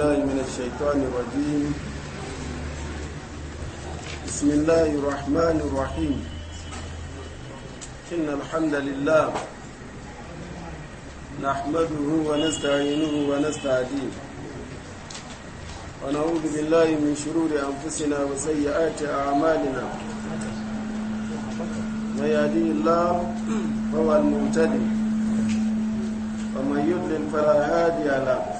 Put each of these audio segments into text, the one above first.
بالله من الشيطان الرجيم بسم الله الرحمن الرحيم إن الحمد لله نحمده ونستعينه ونستعينه ونعوذ بالله من شرور أنفسنا وسيئات أعمالنا من يهديه الله فهو المهتدي ومن يضلل فلا هادي له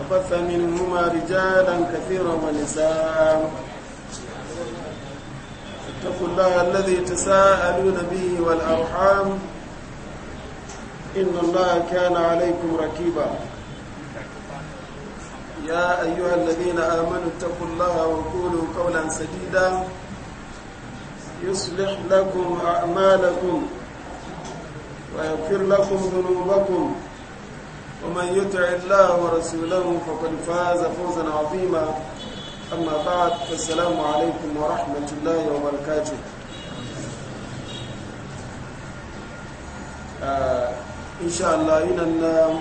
وبث منهما رجالا كثيرا ونساء اتقوا الله الذي تساءلون به والأرحام إن الله كان عليكم ركيبا يا أيها الذين آمنوا اتقوا الله وقولوا قولا سديدا يصلح لكم أعمالكم ويغفر لكم ذنوبكم ومن يطع الله ورسوله فقد فاز فوزا عظيما اما بعد السلام عليكم ورحمه الله وبركاته ان شاء الله إن النام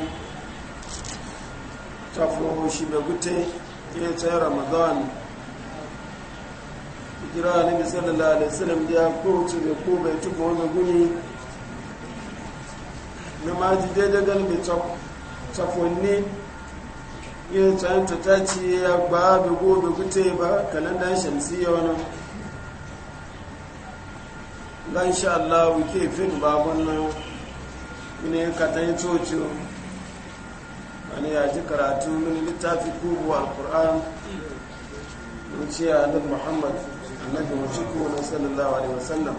تفوه شبكتي إيه رمضان kira annabi sallallahu alaihi wasallam da ya kowace da ko bai tuka wani guni na maji daidai safonni yin tsanta ta ce ya ba bugu gobe gute ba kalandar shamsiyya wani lan sha Allah wuke fin babun nan ka ta yi coci wani ya ji karatu mini littafi kubu al-Qur'an wuce Annabi Muhammad sallallahu alaihi wasallam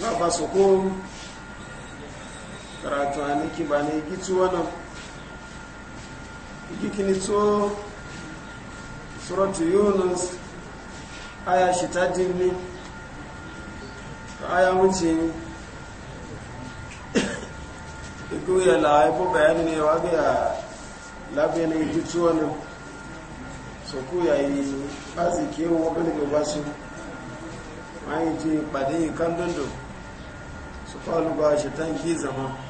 ba ba su karatu a niki ba ne gitu wannan gikini to suratu yunus aya shi ta dinni aya wuce ni iku ya la ya ko bayani ne wa ga labe ne gitu wannan so ku ya yi azike wo ga ne ba su mai ji pade kan dondo su kalu ba shi tan zama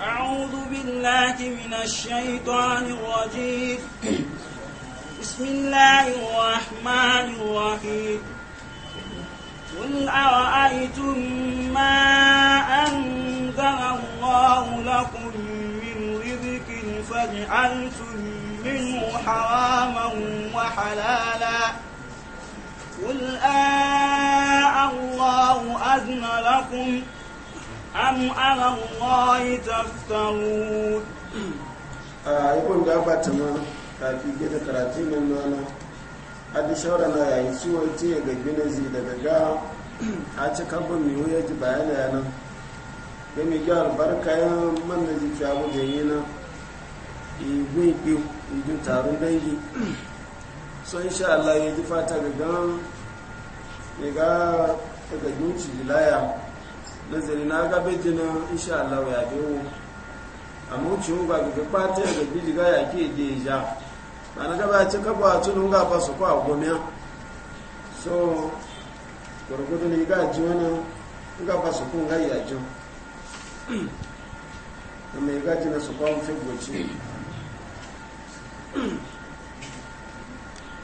أعوذ بالله من الشيطان الرجيم بسم الله الرحمن الرحيم قل أرأيتم ما أنزل الله لكم من رزق فجعلتم منه حراما وحلالا قل آه الله أذن لكم أم على الله تفترون يكون gabata ma kafin gida karatun nan nana hadi shawara na yayi ciwo ce ga ginazi daga ga a ci kabon mi wuya ji bayana yana ya mi ga albarka ya man da ji kyawu da yi na igun igun taron dangi so insha Allah ya ji fata ga gan ya ga daga gunci laya nazari na ga bejina insha Allah ya biyo amma wuce ga ga fata ga biji ga ya ke deja ba na gaba ci kaba tun ga ba su kwa gomiya so gurgudu ne ga ji wani ga ba su kun ga ya ji kuma ya gaji na su kwa mafi goci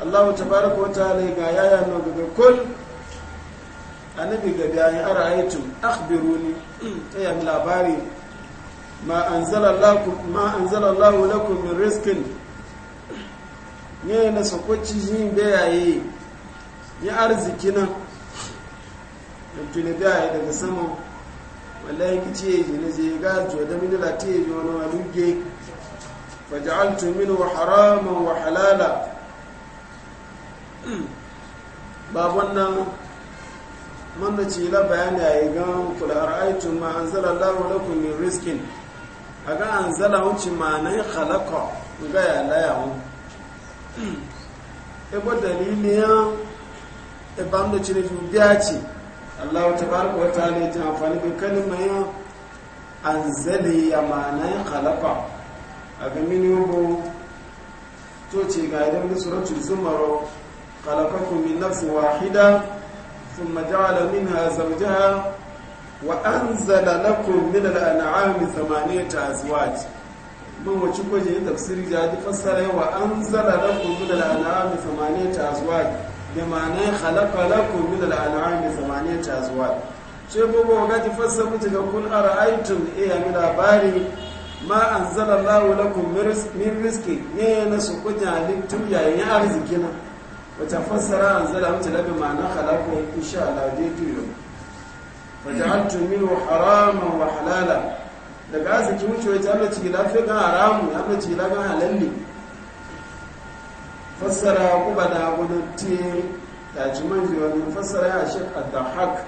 Allah tabaraka wa ta'ala ga yaya no daga kul annabi ga bayi ara'aytum akhbiruni ya mi labari ma anzala Allah ma anzala Allah lakum min rizqin ne na sokoci jin bayaye ya arziki nan tuni bayaye daga sama wallahi kici yaji na je ga jo da min lati yaji wani waluge faj'altu minhu haraman wa halala babon nan manda da ci la bayani a yi gan kula ra'aitu ma an zala lawo lakum min riskin a ga an zala wuce ma na yi halaka ga ya laya hun ebo daliliyan eba da ci da biya ce Allah ta baraka wa ta ne ta amfani da ya an zale ya ma na yi halaka a ga mini yubo to ce ga idan da suratul zumaro خلقكم من نفس واحدة ثم جعل منها زوجها وأنزل لكم من الأنعام ثمانية أزواج من وشكو جهي تفسير جادي فسر وأنزل لكم من الأنعام ثمانية أزواج بمعنى خلق لكم من الأنعام ثمانية أزواج شيء gobe wa gaji fassa mutu ga kun ara'aitun iya mi labari ma an zala lawo lakum min riski ne na su kunya halittu yayin wata fassara an zala mace labi ma'ana ya insha Allah dai tuyo faja'altu minhu haraman wa halala daga arziki wuce wata Allah ci lafi ga haramu ya Allah ci lafi ga halalli fassara ku ba da gudu te ta ci manji wani fassara ya shek adahak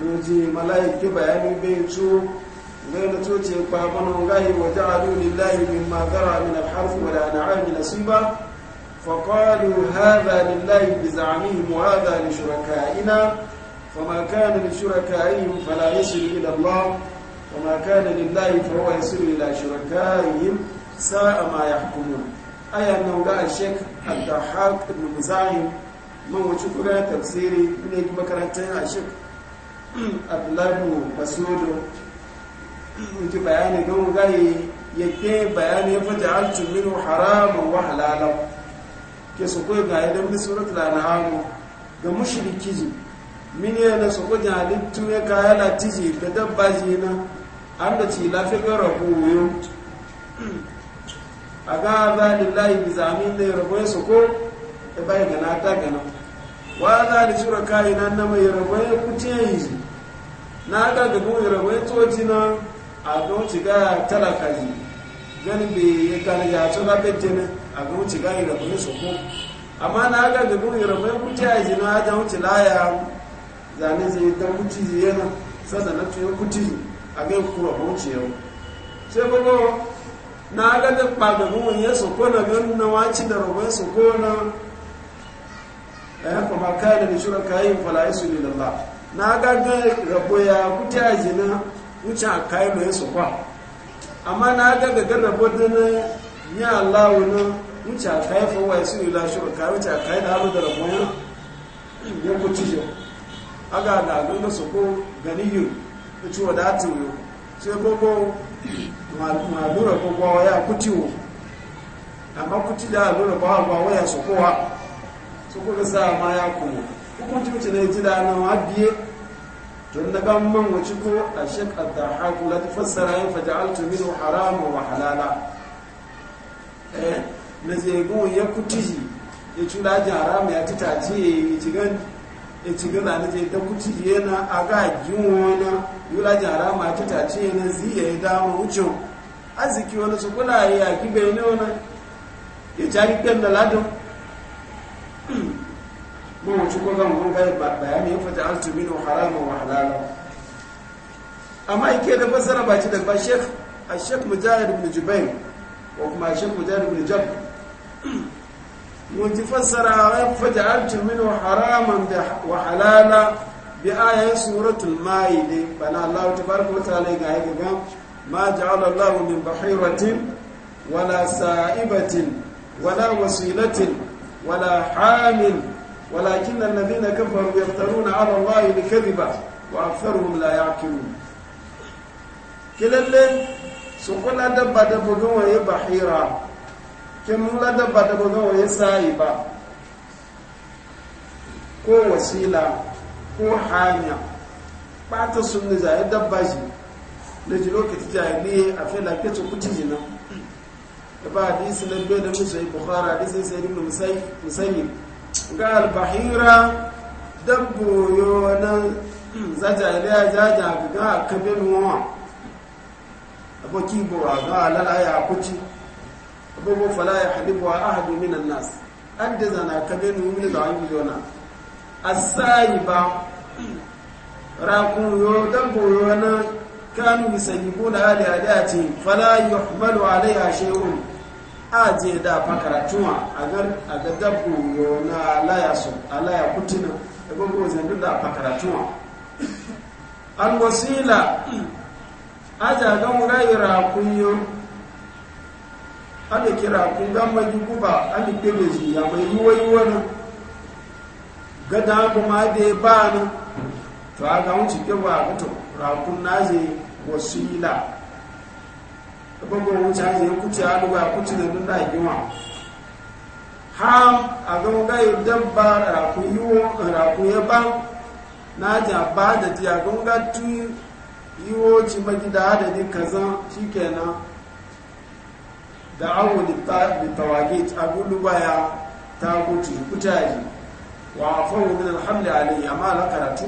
loji malaiki bayani bai co zai na coci coce kwakwano gayi wa ja'alu lillahi mimma gara min alharfi wa da na'am sun ba? فقالوا هذا لله بزعمهم وهذا لشركائنا فما كان لشركائهم فلا يصل إلى الله وما كان لله فهو يصل إلى شركائهم ساء ما يحكمون أي أنه لا الشيخ الضحاك بن مزاحم من وشكرا تفسيري من يجب مكرتين الشيخ عبد الله بن مسعود وجه بياني قوم غاي يكي بياني فجعلت منه حراما وحلالا ke su koyi ga idan bi suratul an'am ga mushriki ji min ya na su koyi halittu ya kaya la tiji da dabba ji na an da ci lafi ga rabu yo a ga ba lillahi bi zamin da rabo ya su ko ya bai ga na ta gana wa za da sura kai nan na mai rabo ya kutiye yi na ga da mu rabo ya toci na a don ci ga talaka ji gani bi ya kana ya tsola bejene a ga gani da kuma soko amma na ga da gani da kuma kuce a jina a jan wuce laya zane zai ta wuce zai yana sasa na tuyo kuti a ga kura kuma wuce yau sai gogo na ga da kpaga gani ya soko na gani na wacin da rogon soko na ya kuma kayan da shirin kayan fala'isu ne lalla na ga ga rabo ya kuce a jina wuce a kayan da ya soko amma na ga ga rabo da na ya Allah wani wuce a kayan fawa ya suna lashe wa kayan wuce a kayan da da rabuwa ya kuci shi a ga da alunan su ko gani yi da ciwo da ati wuyo sai gbogbo ma'alura gbogbo wa ya kuci wo amma kuci da alunan ba wa wa ya su kowa su ko da sa ma ya kuma hukunci wuce na yaji da nan wa biye tun na ban man wuce ko a shekar da haku latifar sarayen fajaltu min harama wa halala Eh, na je ya kuti ya tuna ji haramu ya ci tace ya ci gan ya ci gana da je ta kuti yana a ga wani yula ji haramu ya ci tace na ziya ya dama wucin arziki wani su kula ya ki bai ne wani ya cari kyan da ladin mun wuce ko zan kun kai bayani ya fata an tumi na harama wa halala amma ike da fassara ba ci da ba shek a shek mujahid ibn jubair of my shop wajen da wani jami'a. mu ji fassara a ka kufa da arzikin haramar da wahalhala biaya ya sura tun ma a yi dai. bana babur ta hala iga ga gam ma jacar da allahu na ba hira tin wana sa'a'i ba tin wana wasi'a na tin wana hama'in lakin na zina wa karuwar ya yi kyau. so ko la dabba dabba waye bahira kin la da dabba ga waye sa'iba ko wasila ko hanya bata sunni za ya dabba shi da ji lokaci ne a fi lafiya ta kuti jina da ba disi na bai da musu yi bukhara disi sai rinu musayyib ga albahira dabbo yo nan za ga kabin wa aboki za a lalaya a kuci abubuwan falaya ya hadibu wa ahadu minan nas an da zana ka be nu mun da an yi zona asai ba rakun yo don boyo na kanu yusayibu da ali adati fala yuhmalu alaiha shay'un aje da fakaratuwa a ga dabbo yo na a laya alaya kutina zai zan da fakaratuwa an wasila aja ga mu ga yira kun yo ade kira kun ga ma ji kuba ade kebe ji ya mai yuwa yuwa no ga da ko ma de ba no to aga mu ci ke wa ko to ra kun na je wasila gbogbo mu cha je ku ci adu ba ku ci da dun da yiwa ha aga mu ga yi dabba ra kun yuwa ra akun ya ba na ja ba da ti aga mu ga yiwoci da adadin kazan shikenan da awo da tawagit aguluba ya ta kutu kutaji wa afawu min alhamdu alayhi amma la karatu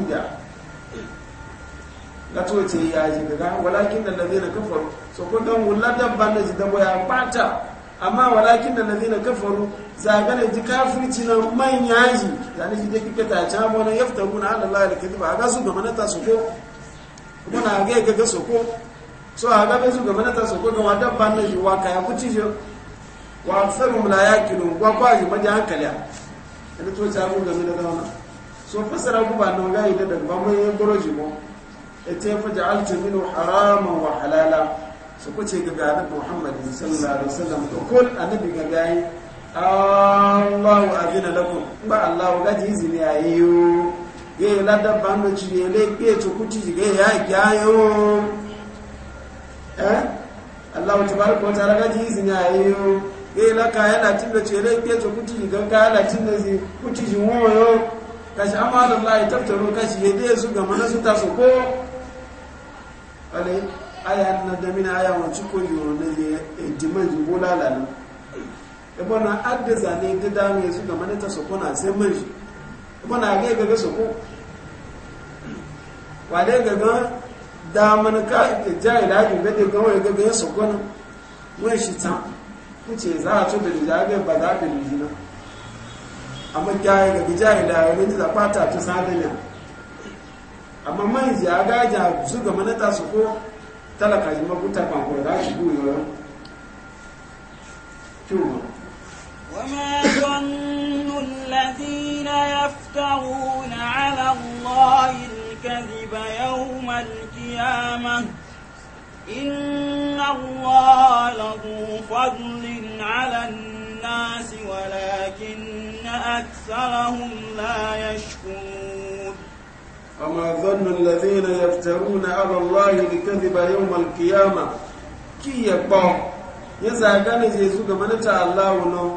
da to ce ya ji daga walakin da lazina kafaru so ko dan wuladan banda ji da boya bata amma walakin da lazina kafaru zagana ji kafirci na manya yaji. zane ji da kike ta ta bona yaftaruna ala allahi alkadiba ga su ga manata su ko kuma na ga gaga soko so a ga su gaba na ta soko ga wata ban na shi wa kaya kuci shi wa aksarun la yaqilu wa kwa ji maji hankali da to ta mu game da wannan so fasara ku ba nan ga ida da ba mun goro ji mu ete fa ja'altu minhu haraman wa halala so ku ce ga annabi Muhammad sallallahu alaihi wasallam to kul annabi ga gai Allahu azina lakum ba Allahu gaji izini ayiyo ye lada bando chiyele ye chukuti jige ya kyayo eh Allah tabaraka wa ta'ala gaji zinya yayo ye la kaya la tindo chiyele ye chukuti jige kaya la tindo zi kuti jiwoyo kashi amana Allah tabtaru kashi yede su ga ta su ko ale aya na damina aya wa chuko yo ne diman jibula lana su mana ga gaga su ko wa dai gaga da man ka da jai da ga da ga wai gaga su ko nan wai shi ta kuce za a to da da ba za da ni na amma jai ga jai da ga ni da fata ta sadanya amma mai ji a gaja su ga manata su ko talaka ji mabuta kan ko da shi buyo yo Wama الذين يفترون على الله الكذب يوم القيامة إن الله له فضل على الناس ولكن أكثرهم لا يشكرون فما ظن الذين يفترون على الله الكذب يوم القيامة كي يقبع يزعقان يزوغ منتا الله ونو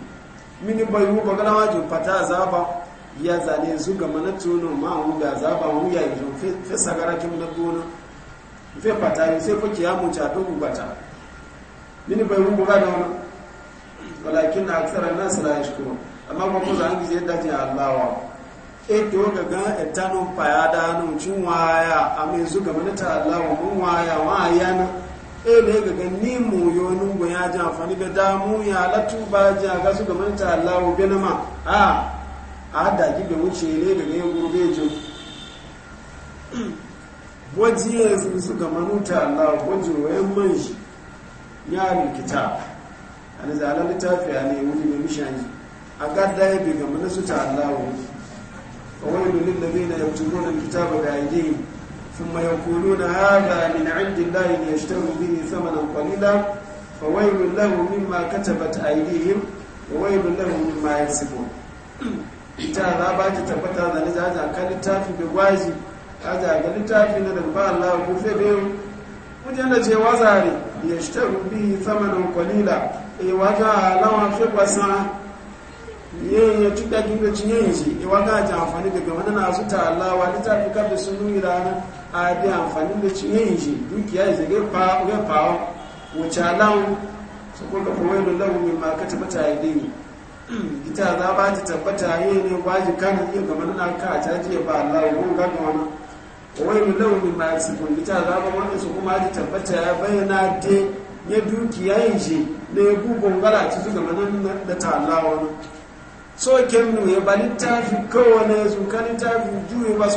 mini bai mu ba gana wajin fata azaba ya zane su ga mana tuno ma mu ga azaba mu ya yi fi sagara kin na gona fi fata yi sai fuki ya mu ta dubu bata mini bai mu ba wani walakin na aksara nan sala ya shukuru amma ba ku zan gize da jin allawa e to ga ga etanu payada nun cin waya amma yanzu ga mana ta allawa mun waya wa na ele ga gani mu yi gwa ya ji amfani da damu ya latu ba ji a gasu da manta Allah bi na ma a hada ki da wuce ne da ne gobe jin waje ya su ga manta Allah waji wayan man shi ya rikita an zala littafi a ne wuri mai mishanji a gada ya bi ga manta ta Allah wani wani lillazina yaktubuna alkitaba bi aydihim ثم يقولون هذا من عند الله ليشتروا به ثمنا قليلا فويل لهم مما كتبت ايديهم وويل لهم مما يكسبون ita za ba ta tabbata da ni za ta kan littafi da gwaji za ga littafi na da ba Allah ku fe be wajen da ce ya shita rubi samanin kwalila e lawa fe kwasa ye ya tuka da cinye shi e wata ta amfani daga wannan na su ta Allah wa littafi ka da a àǹfàní amfani da ciyayin eh, shi dukiya ya pa fawa wuce lawan su kuka fi wani lawan mai makata mata ya dini ita za ba ta tabbata yi eh, ne wajen kanin iya eh, gama na ka a caji ya ba Allah ba wani su kuma ta so kemnu ya ba littafi kowane su ka juye ba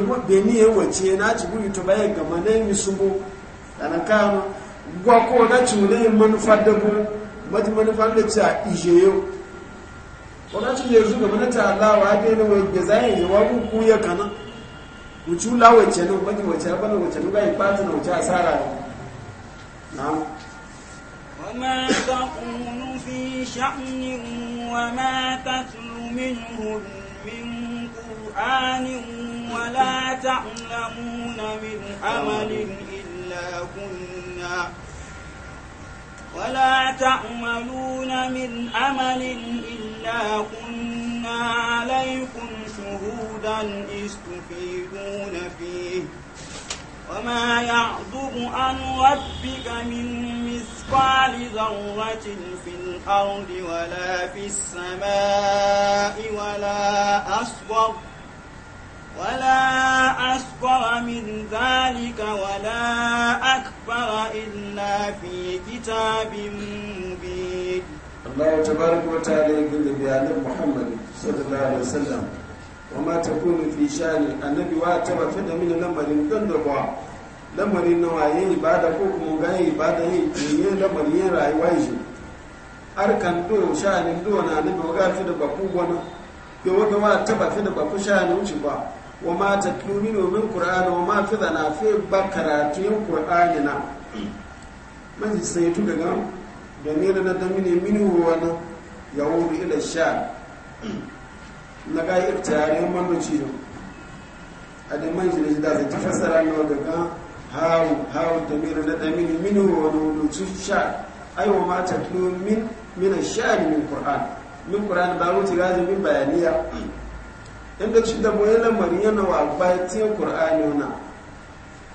beni ya wace na ci guri to bayan gama na yi kama gwa ko da bu mati manufar da a ije yau ko na ci yanzu gama na ta alawa da yana wai ga zayen yawa ku ya kana wuce wula wace nan mati wace ya bana wace nuka yi fata na wace asara ne na وما تقول في شأن وما تتل منه من قرآن ولا تعلمون من عمل إلا كنا ولا تعملون من عمل إلا كنا عليكم شهودا إذ تفيدون فيه وما يعذب عن ربك من مثقال ذرة في الأرض ولا في السماء ولا أصغر ولا أصغر من ذلك ولا أكبر إلا في كتاب مبين الله تبارك وتعالى يقول بأن محمد صلى الله عليه وسلم وما تكون في شان النبي واتبع فد من الأمر قلبا lamarin nawa ya yi ba da ko kuma ga yi ba da yi ne lamarin yin rayuwa shi arkan do sha'anin do na nabi wa fi da wani ke wata wa fi da wuce ba wa ma ta tumini min qur'ani wa ma fi zana fi ba karatu yin Kur'ani na man sai tu daga domin na da mini mini wani ya wuri ila sha na ga yi tare man da a da man jini da zai tafasara na daga hawo hawo da mini na da mini mini wani lutu sha ai wa ma ta tumini min min sha min qur'an min qur'an ba wuce gazi min bayaniya inda shi da boye lamarin yana wa bayan qur'ani na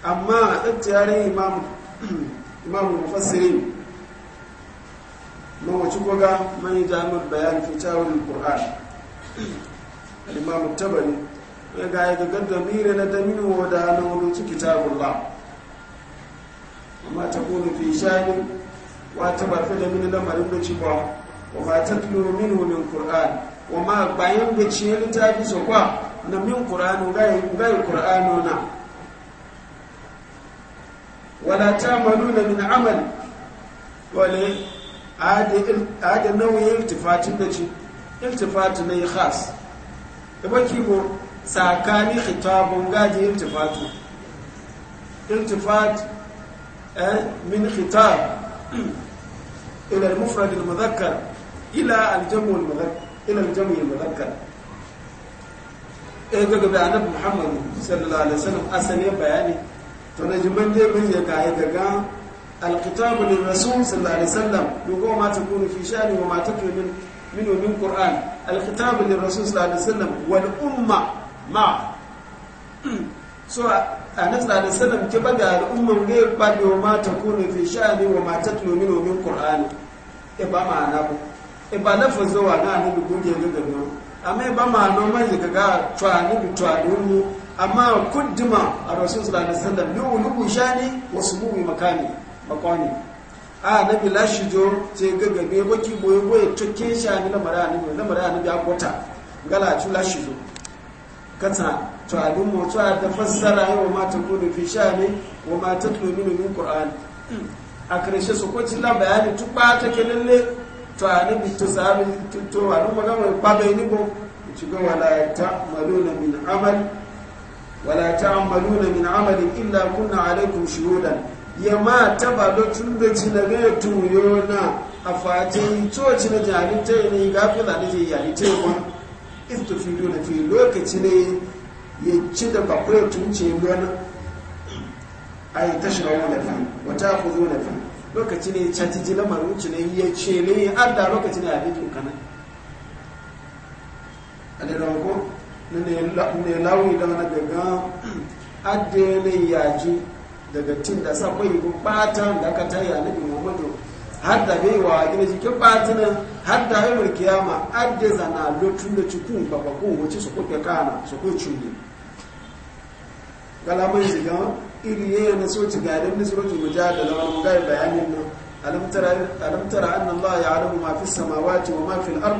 amma ikhtiyari imam imam mufassirin man wace goga man yi jami'ar bayan fi tawilin qur'an al-imam tabari ya ga ya ga damire na damini wa da na wani ci la? amma ta kone fi shani wata ta ba da mini lamarin da ci ba wa ma tatlu minhu wani wa ma bayan da ci littafi su kwa na min ƙura'anu gai ƙura'anu na wala ta malu na min amal wale ada nauyin iltifatin da ci iltifatu na yi khas iba kibo tsakani khitabun gaji iltifatu iltifat min khitab ila al-mufrad al-mudhakkar ila al-jamu al-mudhakkar Ina jamu jami'in muzakkar eh daga muhammadu sallallahu alaihi wasallam asali bayani to na jiman dai mun ya kai daga alkitabu lil rasul sallallahu alaihi wasallam ma ta kunu fi shani wa ma min min qur'an alkitabu lil rasul sallallahu alaihi wasallam wal umma ma so sallallahu alaihi wasallam ke baga ba ma ta kunu fi shani wa ma E ba lafazin wa na annabi kungiyar gaggawa amma e ba ma noman zika ga tuwani bi tuwani mu amma kuddima a rasul sallallahu alaihi wasallam bi ulubu shani wa subuhi makani makwani a nabi lashijo ce gaggabe baki boye boye tukke shani na mara annabi na mara annabi akota gala tu lashijo kata tuwani mu tuwa da fassara e wa ma takudu fi shani wa ma tatlu min qur'an a karshe su ko cilla bayani tukpa ta kelele to anabi to sahabi tó to anu magana babe ni bo ṣùgbọ́n wala ta'maluna min mọ̀lú wala mi min amali illa kunna alaikum shuhudan yama taba do tunde cinaga tuyo na afate to cina ní ne gafi da je jalite ko istufidu na fi lokaci ne ya ci da bakwai tunce gona ay tashra'una fi wa wọn fi lokaci ne caci ji lamar wuce ne ya ce ne an da lokaci ne a bi tukana a da rago ne lawi da wani daga adele yaji daga tin da sa ko bata da ka taya nabi muhammadu har da bai wa gina jikin batina har da yawar kiyama adeza na lotun da cikin babakon wace su kuke kana su kuke cunye galamai shiga iri ya yana so ci gadin da suratul mujadala wa ga bayanin nan alam tara alam tara anna allah ya'lamu ma fis samawati wa ma fil ard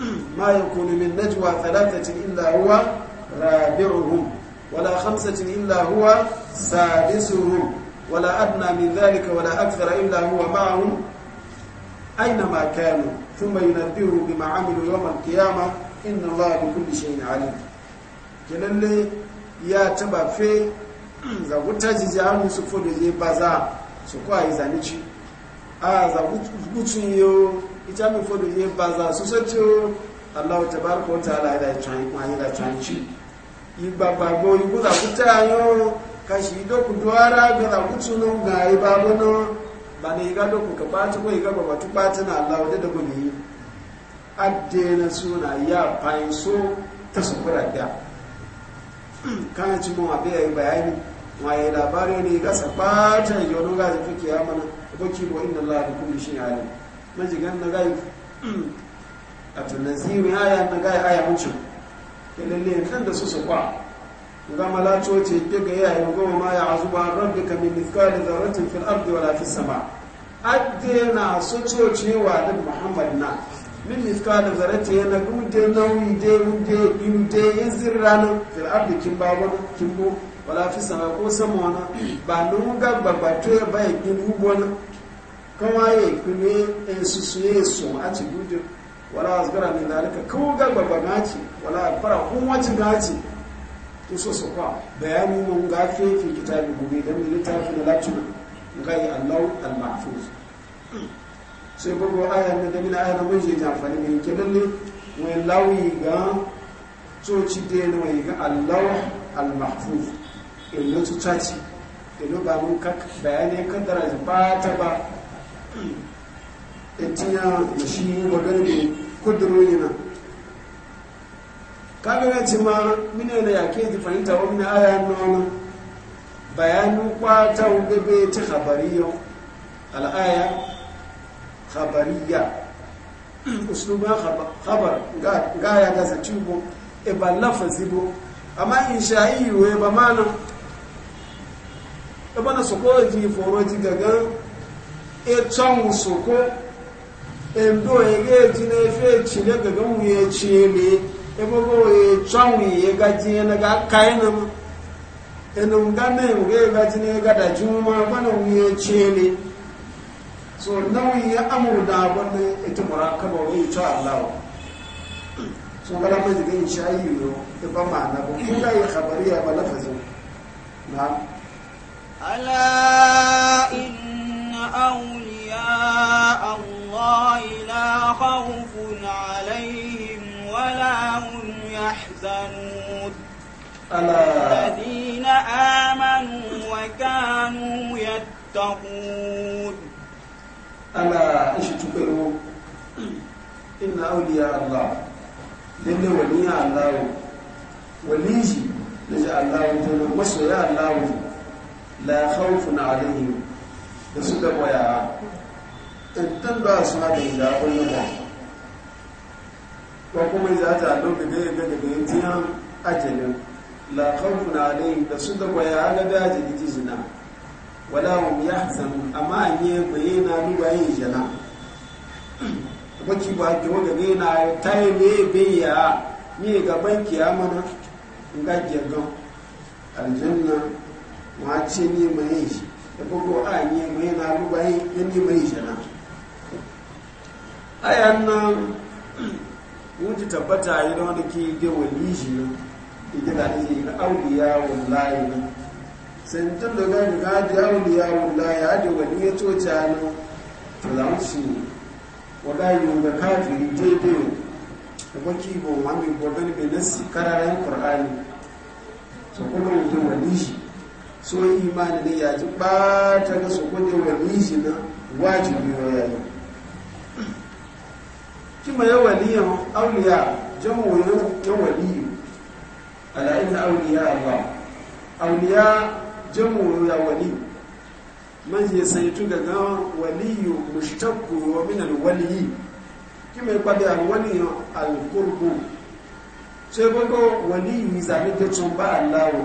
min najwa thalathatin illa huwa rabi'uhum ولا خمسة إلا هو سادسهم ولا أدنى من ذلك ولا أكثر إلا هو معهم أينما كانوا ثم ينبهوا بما عملوا يوم القيامة إن الله بكل شيء عليم كلاله يا تبا في za kutajiji hannu su fodo je baza su kwa izanici a za yi o, ita mi fodo je baza su socho allahu tabaraka ta ala ila tsan kwa ila tsanci igbagbago ibu za kutayo kashi doku duwara ga za gutsunu ga ibabono bana iga doku ka ba tukwa iga baba tu batu na allahu da doku ni addena suna ya fayin so ta sukura ga kan ci mun abe yayi bayani waye labari ne ga sabata ya wani gaji fi kiyama na baki wa inda Allah da kuma shi alim majigan na gaji a tunazirin aya na gaji aya mucin ke lalle kan da su su kwa ga malato ce ke ya yayi goma ma ya azuba rabbika min mithqali dharratin fil ardi wala fi sama addena su wa duk muhammad na min mithqali dharratin yana gude nauyi de gude gude yin zirrana fil ardi kin babu kin bo wala fi sama ko sama wana ba nun ga gbagba to ya ba ikin na kan waye ikin ne susu ya so a ci gudu wala asgara min lalika ko ga gbagba na ci wala fara kun wacin da ci to so so kwa bayani mun ga fi fi bi mu da mu littafi da latu ga yi Allah al sai gbogbo aya ne da mina aya mun je ta fani ne kenan ne wai lawi ga tsoci dai ne wai ga Allah al ilo tutaci ilo ba mun bayani kan daraja ba ta ba etinya da shi magana ne kuduro yana kagana ci ma mine da yake ji fahimta wa mine aya nuna bayanu kwata bebe ta khabariyo al'aya khabariya usluba khabar ga ya gaza cibo e ba lafazi bo amma in sha'i we ba manan ebana soko ji foro ji gaga e tsamu soko endo ege ji na efe ci ne gaga mu ye ci ele ebogo e tsamu ye ga ji na ga kai na mu eno nga ne mu ge ga ji ne ga da juma bana mu ye ci ele so nawi ya amuru da bonne ita murakaba wa ita Allah so kada mai ga insha Allah e ba ma na ko ga ya ba lafazin na'am ألا إن أولياء الله لا خوف عليهم ولا هم يحزنون ألا الذين آمنوا وكانوا يتقون ألا إيش تقولوا إن أولياء الله لن وليا الله وليجي لجأ الله تنو وسوى الله la khawfun alaihim da su da waya tantan ba su ma da inda kullum ba ko kuma za ta lobe da yake da yantiyan ajalin la khawfun alaihim da su da waya ga daji da jizina wala hum yahzan amma an yi bayyana yin jana baki ba ke waga ne na tayi ne biya ni ga banki amana ga jagan aljanna wa ce ni mai shi da gogo a ne mai na ruba yi ya ni mai shi na aya nan wuce tabbata yi na wani ke ga wani shi na ike da ne na auliya wallahi na sai tun da gani ga da auliya wallahi ya da wani ya toca na to za mu shi wallahi yau da kafiri daidai da baki ba wani gwagwani bai nasi kararren ƙur'ani so kuma yanzu wani shi so imani ne yaji ɓata ga su kudi wa nishi na wajibi wa yayi kima ya waliyan auliya jamuwa ya waliyu ala inna auliya ba auliya jamuwa ya waliyu man ya saitu ga waliyu mushtaqqu wa min alwaliyi kima ya kwabe alwaliyu alqurbu sai ko waliyu zabi da tun ba Allah wa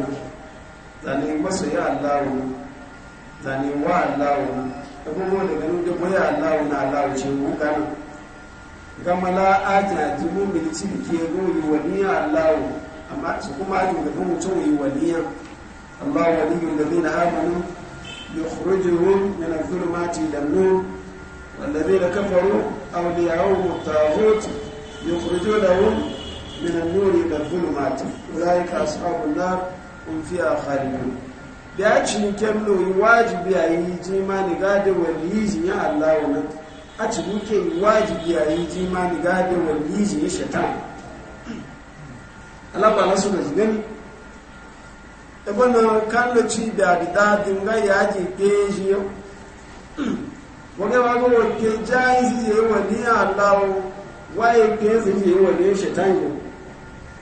zane ya allahu zane wa allahu abubuwa da ganin da boya allahu na allahu ce wukana gama la'ajin jimu milici da ke goyi waliyan allahu amma su kuma ajin da kuma mutum yi waliyan allahu waliyan da zai na amonu yukhrijuhum min adh-dhulumati ila an-nur والذين كفروا أولياءهم الطاغوت يخرجونهم من النور إلى الظلمات أولئك أصحاب النار in fiya khalidun da ya ci kemlo yi wajibi a yi jimani gade walijin ya Allah ya wani a ci duke yi wajibi a yi jimani gade walijin ya shaitan alaba na suna jinin ibana e kalloci da bida dinga ya ji keji yau wani wago wake jayi zai yi wani ya Allah waye ke zai yi wani shaitan yau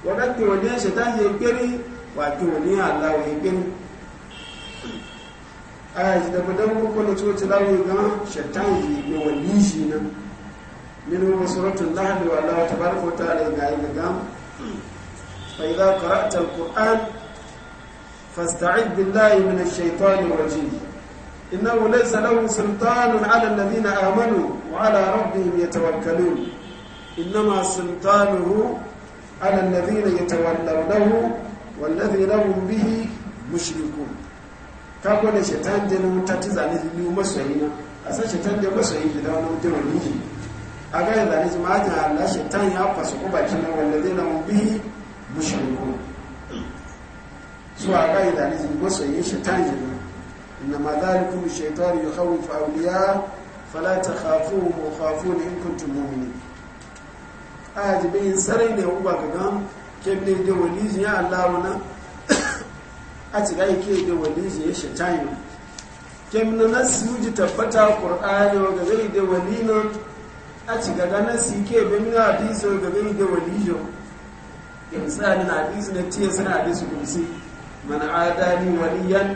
wakati wani shaitan ya kiri wato ni Allah wai bin aya da budan ko ko to ce lawo ga shaitan yi ne wani shi na min wa suratul lahd wa Allah tabaraka wa ta'ala ga yi ga fa idza qara'ta alquran fasta'id billahi min ash-shaytani rajim innahu laysa lahu sultanun 'ala alladhina amanu wa 'ala rabbihim yatawakkalun innama sultanuhu 'ala alladhina yatawallawnahu wallazi lahum bihi mushrikun ka ko da shaitan da mu ta tiza ne ni masoyi na a san shaitan da masoyi da wani mutum ne a ga da ne ma ta Allah shaitan ya fasu ko bakin nan wallazi lahum bihi mushrikun so a ga da ne masoyi shaitan ne inna ma zalikum shaytan yukhawifu awliya fala takhafuhu wa khafuni in kuntum mu'minin ajibi sarai ne uba ga gan kemne da walizi ya Allah wana a tiga yake da walizi ya shaitan kemne na suji tabbata qur'ani wa ga zai da walina a tiga da na ke be min hadisi wa ga zai da waliyo na hadisi na tiya sana hadisi kunsi man adani waliyan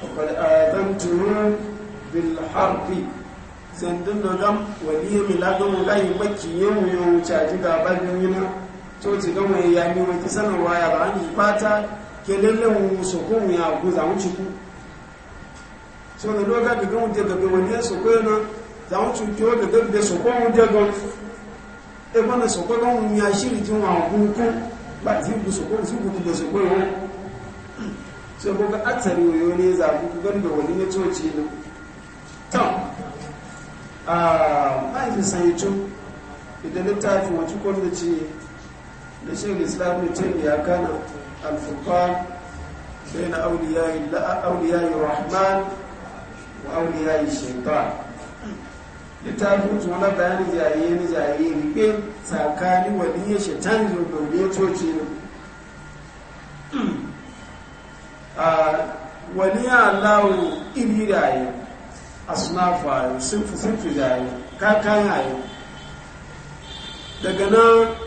faqad adantu bil harbi sandun da gam waliyi milagan ga yi bakiyin yo a ga babin yana so ci gama ya mi wani ta ya ba an yi fata ke lallan so mu ya guza mu ci so da doga ga gamu je wani ya so ko za mu ci ko ga gabe so ko mu je ga e bana so ko mu ya ba ti bu so ko so ko yo so za ku ga da wani ne coci ne to ah mai sai to idan littafi wacce ko da da shekul islam ne tun ya kana alfurkan bai na auliyayi rahman wa auliyayi shaitan littafin wani bayanin jayayi na jayayi rike tsakanin waliyyar shaitan da dole coci ne wani ah, waliyyar allahu iri rayu asnafa sun fi sun fi rayu kakan rayu daga nan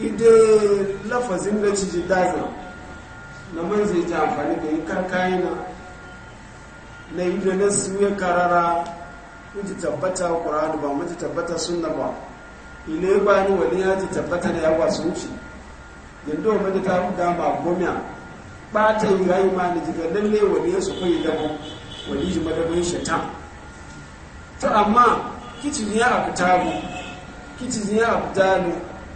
ide lafazin da ci daza na man zai ji amfani da yi karkayi na na yi da na su ya karara wata tabbata ƙura'adu ba wata tabbata suna ba ile ba ni wani ya ji tabbata da yawa sun ci yadda wa mata ta da ba gomiya ba ta yi rayu ma da jiga lalle wani ya su kai dabo wani ji madabin shaitan to amma kicin ya abu tabu kicin ya abu dalu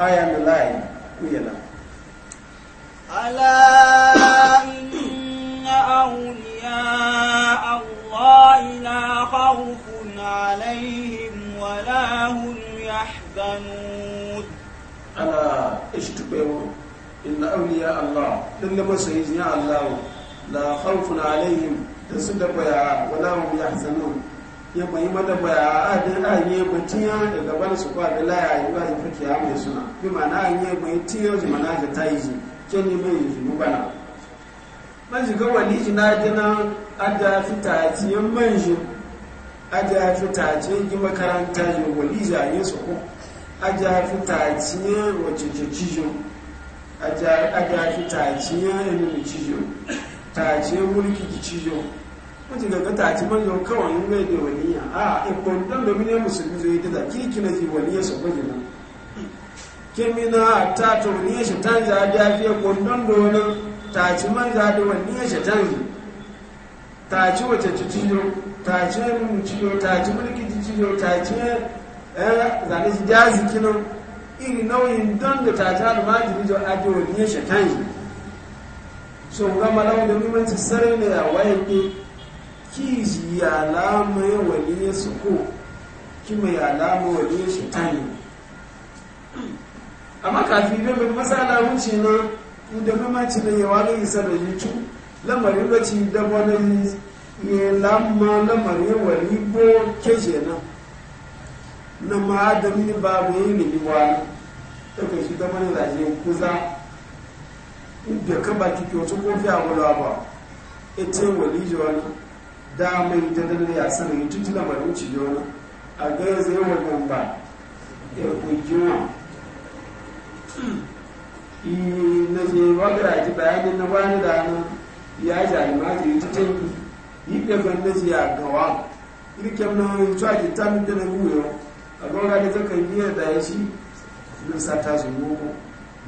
I am layi lion. ala inna awliya Allah la khawfun alaihim ala ishtubu inna Allah lalle masoyin Allah la khawfun alaihim da su da baya wa hum yahzanun ya mai mada baya a da an yi matiya da gaban su kwa da laya yi ba yi fake ya mai suna bi mana an yi mai tiyo ji mana ga ta yi ji ke ne mai yi ji bana man ji gawa ni ji na dina ada fita ci yan man ji ada fita ci yi makaranta ji wali ji a yi su ko ada fita ci yan wace ji ci ji ada fita ci yan ilimin ci ji ta ci mulki ci ji ko ci daga ta ci yau kawai yin mai da a ikon dan da miliyan musulmi zai ta da kirki na jiwani ya sabo gina kemina ta to ni niyar shatan ya da fiye ko dan da wani ta ci man ya da wani niyar shatan ta ci wace ci ci yo ta ci mu ci yo ta ci mulki ci ci yo ta ci eh zani jazi kino iri nauyin dan da ta ci da maji ji a ji wani ya shatan so ga malamu da mimanci sarai ne a wayan ke ki ji alama ya wani ya suko ki mai alama waliye shi ta yi amma kafin ne mai masala wuce na inda ce na yawa da isa da yi cu lamarin da da wani ya lamma lamarin wali bo keje na na ma da mini babu yi ne yiwa ta kai shi da wani zaje kuza inda ka baki kyoto ko fi abu ba ita wali ji wani. damar ta da ya sana yi tun tila mai wuce yau a gaya zai wajen ba ya ma na je wadda ji bayanin na wani da ana ya ji a yi tutun yi ɗaban na ji a gawa irkem na wani cewa ki ta min da na buyo a ga da ta kan biyar da ya shi na sata su gogo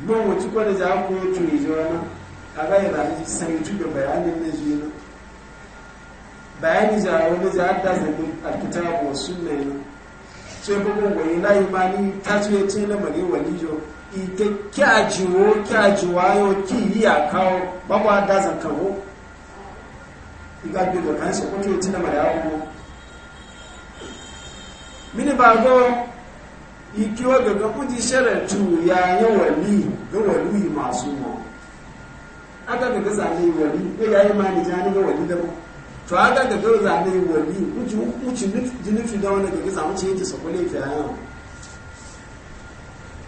man wacce kwada ji a koyo tuni ji wani a gaya da ji sanyi tuka bayanin na ji na bayani za a wani za a da zabi alkitabu wa sunna yi sai kuma wani na imani ta tuye ce na wani waliyo ita kyajiwo kyajiwayo ki yi a kawo babu a da kawo iga bi da kansa kuma tuye ce na mare abubuwa mini ba go iki wa gaga kuji tu ya yi wali ga wali masu mu aka gaga zane wali ga yayi mani jani ga wali da mu to aga ga gaur da ne wali kuci da wani gari samu ce yake sokole fi ayan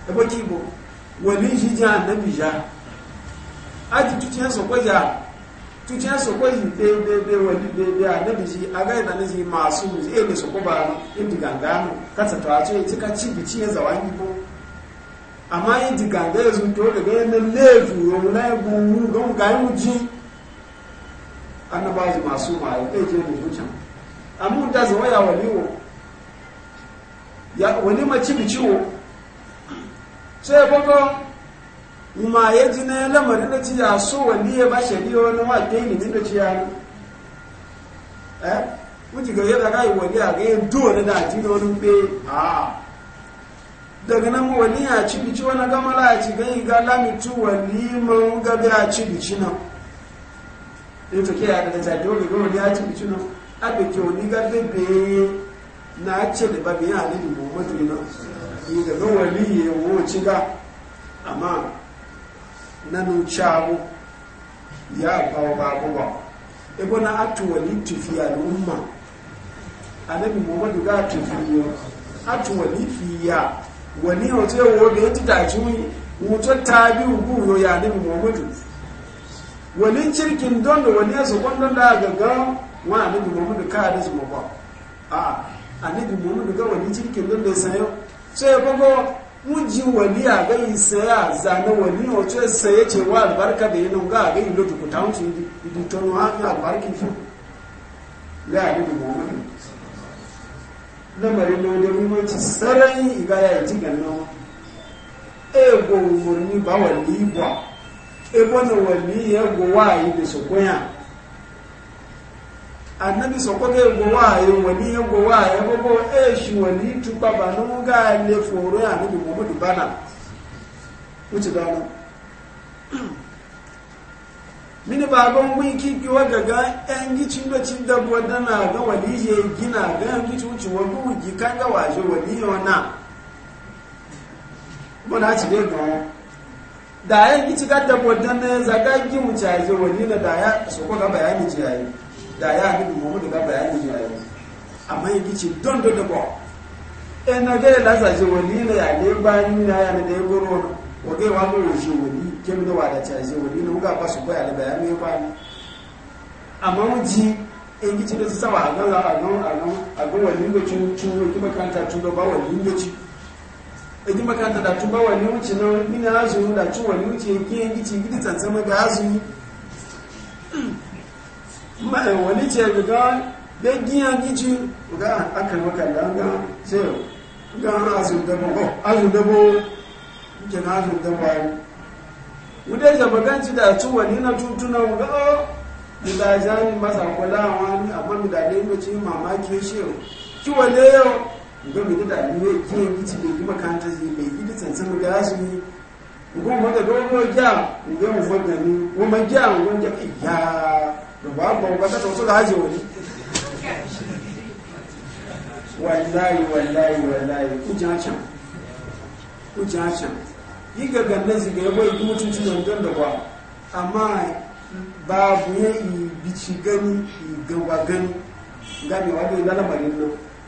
e baki bo wali shi ja annabi ja aji tuci sokoja tuci sokoji be ji aga da masu e ne ba indi gangano kasa a cika ci bici ya zawangi ko amma ganga ya daga su masu maye kai je mu hucin amma da zuwa ya wani ya wani maci ciwo sai bako ma ya ji na lamarin da ci ya so wani ya ba shari'a wani wa ni da ci ya eh wuji ga yadda kai wani a ga yadda wani da ji da wani be a daga nan wani ya ci wani gamala ya ci gani ga lamitu wani mun gabe a ci bici nan nítorí àgbẹ̀lẹ̀tàdé olùgbọ́n ní àjìbìtì náà àgbẹ̀kẹ̀ onígbàgbẹ̀gbẹ̀ náà àjẹ̀lẹ̀ bàbí yà nínú mọ́mọ́tò iná ìgbẹ̀gbẹ̀ wọn ní iye owó òjìgá àmà ebo na atuwali tufi al'umma anabi muhammadu ga tufi atuwali fiya wani hoto ya tabi walin cirkin don da wani su kwandon da gaga wa annabi muhammadu ka da zuma ba a annabi muhammadu ga wani cirkin don da ya sayo so ya gogo muji wali a ga saya zane wali wato ya saye ce wa albarka da yanon ga ga yi lotu ku taunci iditono ha ga albarki fi ga annabi na ya yi jigan nan ego ba ebo na wali ya gowayi da sokoya annabi sokoto ya gowayi wali egwu gowayi gbogbo eshi wali tupa ba na muga le foro ya nabi muhammadu bana wuce dano mini ba ban gun kifi wadda ga yan gicin bacin dabba dana ga wali ya gina ga yan gicin wuce wani wuji kan ga waje wali ya wana bana ci dai gawa da ya ki cika na zaga ki mu caje wani da ya so ko ga bayani da ya ni ga bayani amma yi don e na ya ne ba ni na ya ne da goro o ga wa mu wani da na ba su da bayani amma mu ji e kici da sawa ga ga ga ga wani ki makanta ba egi makanta da tuba wani wuce na azu azumi da tu wani oh, wuce ki yanki ce gidi tsantsama ga azumi ma wani ce ga da giya giji ga akan makalla ga ce ga azumi azu dabo o azu dabo nke na azumi da bo wuda da maganci da tu wani na tutuna ga da jani masa kula wani amma da ne mace mamaki shi ki wale yau oh, ga mai da aliwe kiyan gici bai kuma kanta zai bai gidi tsantsan ga shi ngun mata dogo ja ngun mu fanga ni mu ma ja ngun ja ya da ba ba ba ta so da haje wani wallahi wallahi wallahi ku ja can ku ja can yi ga gannan su ga yabo yi mutunci nan don da ba amma babu ya yi bici gani yi gawa gani gani wa da lamarin nan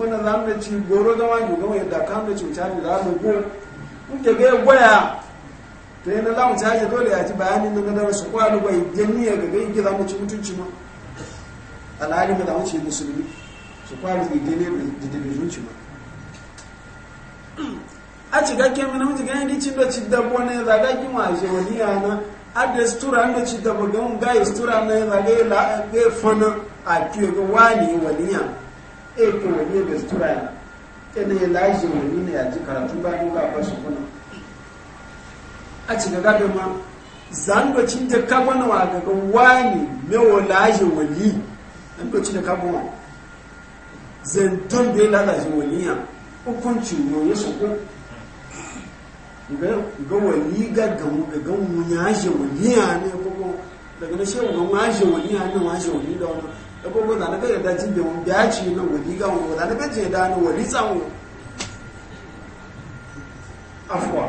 kuna zamna ci goro da wani ga yadda da kam da cuta ne za mu go mun ke ga goya to yana zamu ci haje dole ya ci bayanin da da su kwa duba idan ya ga ga ki zamu ci mutunci ma alhali mu zamu ci musulmi su kwa duba idan ne da da ci ma a ci ga ke mun ji ga ni ci da ci da bone da ga ki ma je wani yana a da tura da ci da bugan ga istura na ya zage la ga fana a ki ga wani waliya eke wani ebe sutura ya yana yi laji wani ne ya ji karatu ba yi ba ba su kuna a cika gabe ma zandocin da kabana wa daga wani mewa laji wani zandocin da kabana zanton da ya lalaji wani ya hukunci yoyi su kun ga wani gaggamu ga gan mu ya shi wani ya ne kuma daga na shewa ga ma shi wani ya ne ma shi wani da wani ebobo na nabe da jibe wun biya ci na wali ga wun wadda nabe je da ni wali tsawo afwa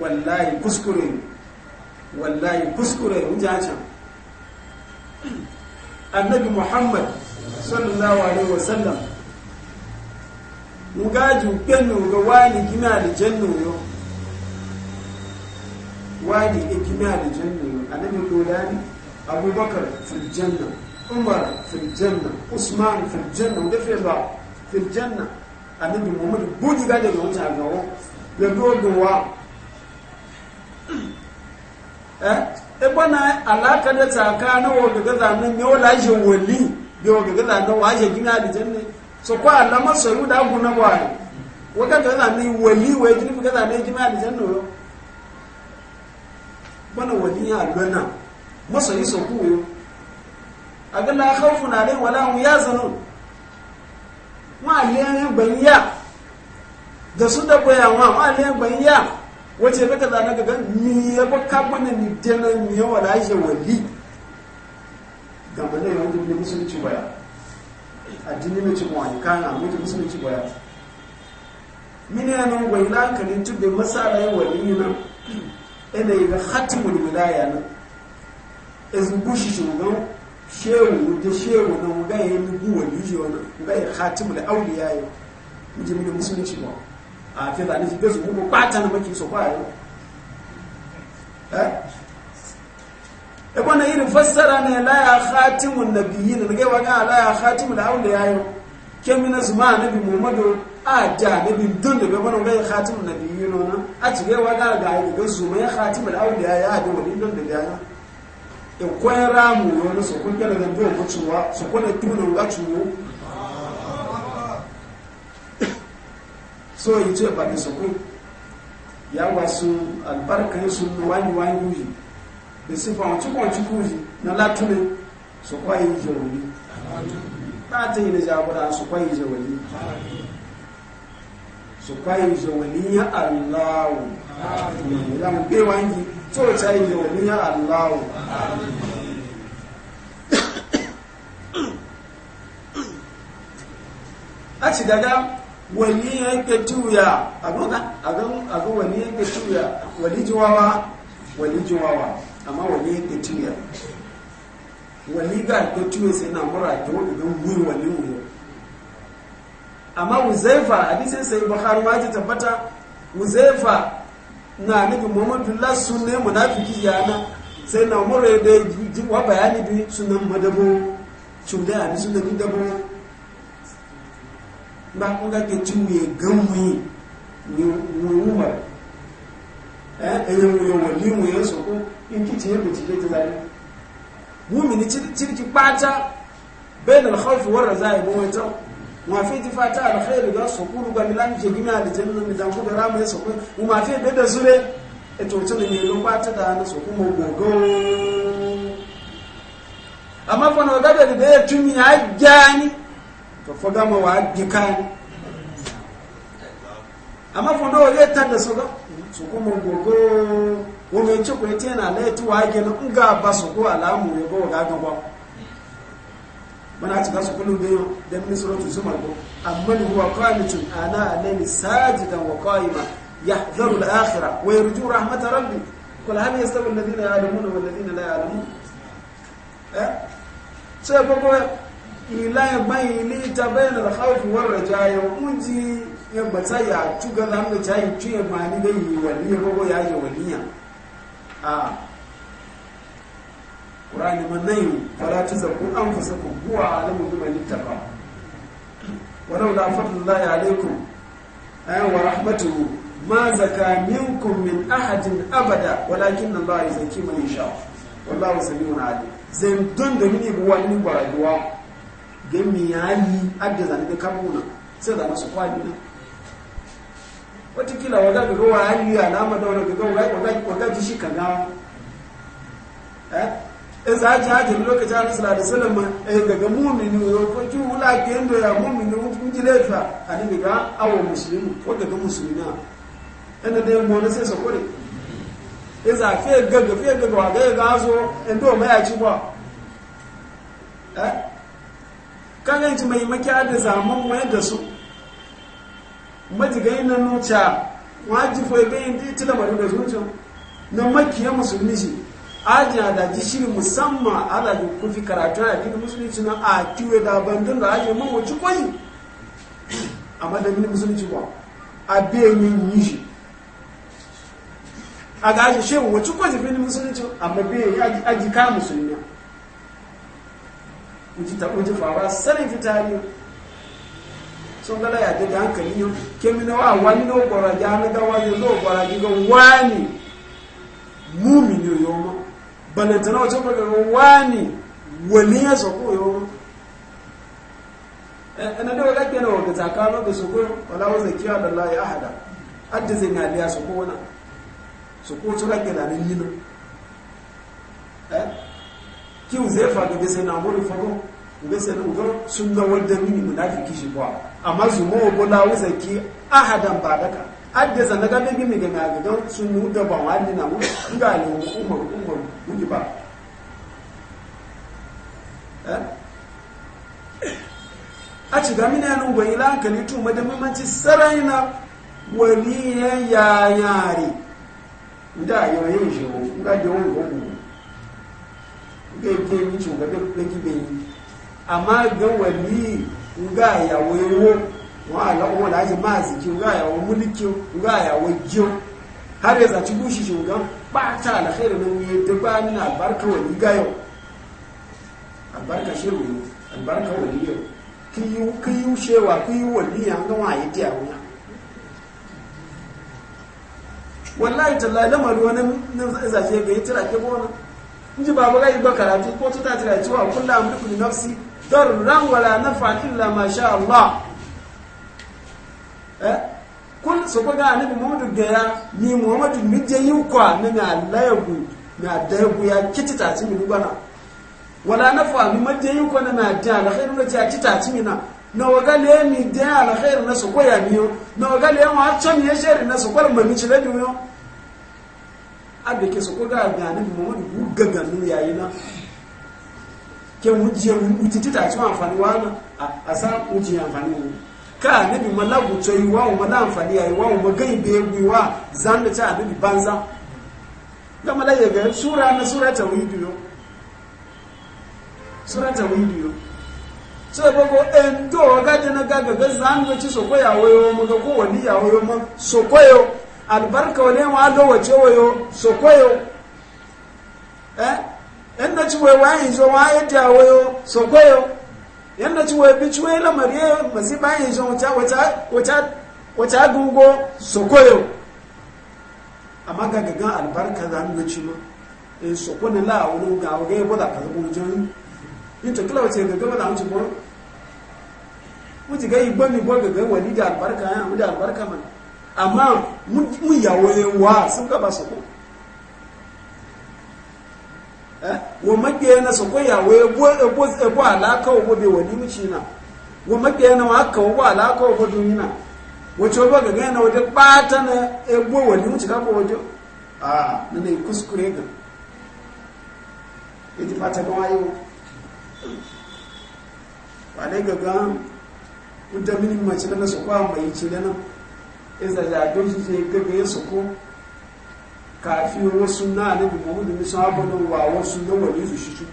wallahi kuskure wallahi kuskure mun ja can annabi muhammad sallallahu alaihi wasallam mu gaju penu ga wani gina da jannu yo wani e gina da jannu annabi ko yani abubakar fil janna umar fil janna usman fil janna da ba fil janna annabi muhammad buji ga da wata ga wa eh e alaka da tsaka na wo ga da ne wala je wali da wo ga da wa je gina da janna so ko Allah masaru da guna wa wa ga da wali wa jini ga da gina da janna yo bana wali ya masayi so ku yo aga la khawfun alayhim wala hum yazanun wa aliyan banya da su da koya wa wa aliyan banya wace baka da na gaga ni ya ba kabuna ni dena ni ya wala je wali gamba ne wanda ne musulunci baya addini ne ci mu an kana mu da musulunci baya mini ya nan gwai lankalin tubbe masala ya wali nan ina yi ga hatimul wilaya nan bushi shugaban shehu da shehu na muga ya yi guwa yuji wani muga ya hatimu da auli ya yi muje mini musulunci ba a fi zane shi gasu kuma kwata na maki so ba yi da kwana irin fassara ne la ya hatimu na biyi na daga waka la ya hatimu da auli ya yi kemi na zuma nabi muhammadu a ja nabi dun da bai wani muga ya hatimu na biyi nona a cikin waka ga ya gasu mai hatimu da auli ya a da wani dun da ya ikon ramu wani su kun gana gambe wa kucewa su kuna tuna wuga cuwo so yi ce ba da su kun ya wasu albarkar su wani wani wuyi da su sifa wancin wancin wuyi na latune su kwayi jawali ba ta yi na jagora su kwayi jawali su kwayi jawali ya allahu ya mu bewa yi tó ṣáyé òun ní aláwọ̀ láti dada wani yake tuya abin wani yake tuya wani jiwawa wani jiwawa amma wani yake tuya wani ga ke tuya sai na mura ta wani muni wani wuri amma wuzaifa a bisan sai buhari ma ta tabbata wuzaifa na nabi muhammadu la sunne munafiki yana sai na mura da wa bayani bi sunan madabo cuda a bi sunan dabo ba kun ga ke cin me gamu ni mu eh eyan eh, wo wali mu yan soko in ki ce ku cike ta zai mu mini cirki pata bainal khawf war razai bo wato mafi ti fata alkhairu ga su kuru ga milan je gina da jannu mi zan kuda ramu su ku mu mafi da da zure e to tun ne lo bata da na su kuma gogo amma fa na ga da da ya tumi ya jani to fa ga ma wa dikani amma fa do le ta da su ga su kuma gogo wo me ci ku tena le tu wa ge na ga ba su ko alamu ne go ga ga ba mana cika su kullum biyu don min suratul zumar ko amma ni huwa qanitun ana alayhi sajidan wa qa'ima yahdharu al-akhirah wa yarju rahmat rabbi kul hal yastawi alladhina ya'lamuna wal ladina la eh? ya eh sai gogo ila ya bai ni ta da khawfi war rajaya unji ya bata ya tuga zamu ta yi tuye mani da yi waliya gogo ya yi waliya a ah. qur'ani man nayu fala tuzakku anfusakum huwa alamu biman ittaqa wa law la fadlullahi a ay wa rahmatuhu ma zaka minkum min ahadin abada walakin Allah yuzakki man yasha wallahu samiun alim zan don da mini buwa ni ba duwa gami yi adda zan da kamuna sai da masu kwani na watakila wadaga ga wa yayi alama da wadaga ga wa wadaga shi kaga eh in za ji hajji lokacin hannun da sulan ma in daga mumini ya kwanci wula ke yin doya mumini kun ji laifa a ni daga awon musulmi ko daga musulmi na inda da yin gona sai sakwari in za fiye gaga fiye gaga wa gaya ga zo in do mai ci ba eh? kan yanci mai maki a da zaman mai da su majigai na nuca wajifoyi bayan tilamari da zuciya na makiyar musulmi shi aja da ji shiri musamman ala da kufi karatu a cikin musulunci na a kiwe da bandun da aje man wuce kwai a madamin musulunci ba a biyan yin yi shi a ga aje shehu wuce kwai zafin musulunci amma biyan yi aji ka musulmi wuce ta wuce fara sanin fitari sun gala ya daga hankali yau kemina wa wani na gwara ya na gawa yanzu zo gwara ga wani mumini yau ma balantana wacce ba gaga wani wani ya sako yau ana da wadda ke da wadda tsakanin da sako wala wazan kiya da layi ahada adda zai na biya sako wana sako tura ke da nan yino kiw zai faɗi ga sai na mulu faru da sai na ugar sun ga wadda mini munafiki shi ba amma zumo bola wazan ki ahadan ba daka adda zan daga bin gimi ga naga don sun mu da ban wani na mu ga ne umar umar muji ba a ci gami na nan gwani lankali tu ma da muhimmanci sarai na wani ya yayare da yawayin shi ko ga da wani gwani ga ke mi ci ga bin gibe amma ga wani ga yawayin wani wọn àlọ́ wọn láti máa sì kí ńgá àyàwó múlíkí ńgá àyàwó jíó har yă zaci gushi shugan ba ta alkhairi nan ya daba ni albarka wani gayo albarka shi wani albarka wani yau kiyu kiyu shewa kiyu wani ya ga wani diya wani wallahi tallahi lamari wani na zaje ga yi tira ke gona in ji babu ga yi ba karatu ko ta tira cewa kullu amliku nafsi darran wala nafa illa ma sha Allah Eh? kun su ga annabi muhammadu ya ni muhammadu mijje yi kwa na na layagu na dayagu ya kici taci mini gwana wala na fa mi majje yi kwa na na da alkhairu na ta ci taci na. na waga le mi da alkhairu na su ya biyo na waga le wa tsan ya shari na su mu mi cile biyo abe ke su ga annabi muhammadu guggaga nu yayi na ke mujje mutiti taci amfani wa na a san mujje amfani ne ka nabi malagu to yi wa wala amfani yayi wa mu gai be yi wa zan da ta nabi banza da malaya ga sura na sura ta widiyo sura ta widiyo so ba bogo en to ga ta na gaga ga zan da ci sokoya wayo mu ga ko wani ya wayo mu sokoyo albarka wale ma do wace wayo sokoyo eh en da ci wayo wa yin zo wa yata wayo sokoyo yanda ci wai bici wai lamar ya mazi bayan shi wata gungo sokoyo amma ga albarka za mu ci ma in e soko na la'awuru ga wuga ya bada ka zaɓo jan yi to kila wace gagan wala wuce bor wuce ga yi gbami bor gagan wani da albarka ya mu da albarka mana amma mun yawo wa sun gaba soko Eh? wa maƙiya na sakwaya wa ebo alaka wa gobe wa limci na wa maƙiya na waka wa alaka wa gobe nina wacce wa ga gana wata ɓata na ebo wa limci kafa wajo a na ne kuskure ga ita fata ga wayo ba dai ga gan kuta mini mace na sakwaya mai ce da nan izaja don shi ce gaga ya sako kafi wasu na nabi muhammadu ni sun abin wa wasu na wani su shi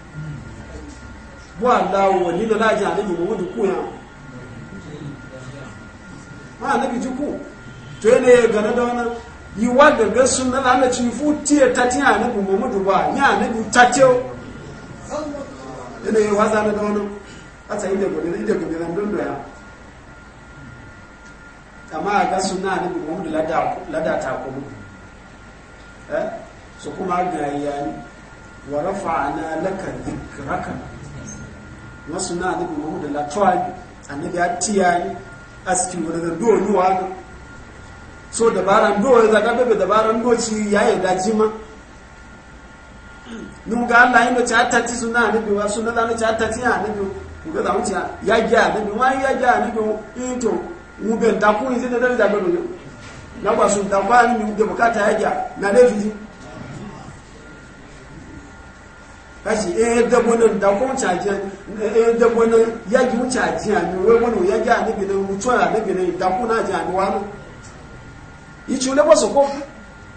bu Allah wani na laji a nabi muhammadu ku ya ma nabi ji ku to yana ya gana da wani yi wa gaga sun na lalaci fu tiye ta tiye a nabi muhammadu ba ni a nabi ta yana ya waza na da wani a tsayi da gobe da gobe na don doya amma a ga suna nabi muhammadu lada ta kuma Eh? su kuma gayya wa na laka dhikraka wasu na nabi Muhammad la tawali annabi a cikin wani da do ga so dabaran do ya zaga bebe dabaran doci ya yi daji ma nun ga Allah yin ta tati suna nabi wa suna da ta tati ya nabi ku ga ya gya nabi wani ya gya nabi ito mu ga da ku yin da da na ba su da ba ni da bukata ya ga na ne fi kashi eh da bonan da ko caje eh da bonan ya ji mu caje a ni wai bonan ya ga ni bi nan mutu na ne bi nan da ku na ji a ni wani yi ci ne ba su ko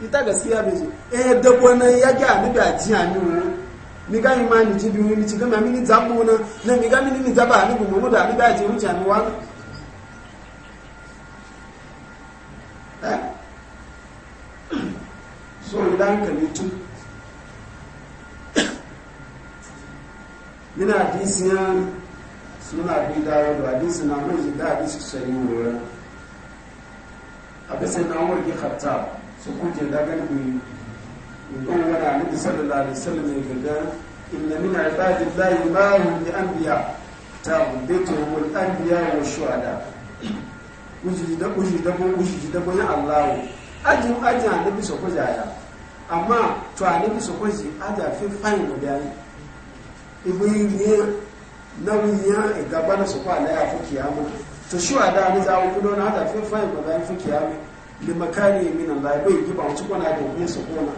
ita gaskiya bai ji eh da bonan ya ji ga ni bi a ji a ni wani miga imani ji bi ni ci ga ma mini zabu na na miga mini ni zaba ni bu mu da ni ba ji mu ci a ni wani so idan ka mitu yana hadisi ya suna bi dawo da hadisi na mai jida hadisi shari wurin a bisa na wuri warki hatta su kuje da galibi don wani alibi sallallahu alaihi wasallam ya gaga inna min ibadillahi ma hum bi anbiya tabbatuhum al anbiya wa shuhada uji da uji da uji da ya allah ajin ajin da bisa kujaya amma to a nufi su kwanci a jafi fayin da bayan ibu yi ne na wuya e gaba na su a na ya fi kiyamu to shi wa da ni a kudo na hada fi fayin da bayan fi kiyamu li makani min Allah bai yi ba wuce kwana da ne su kona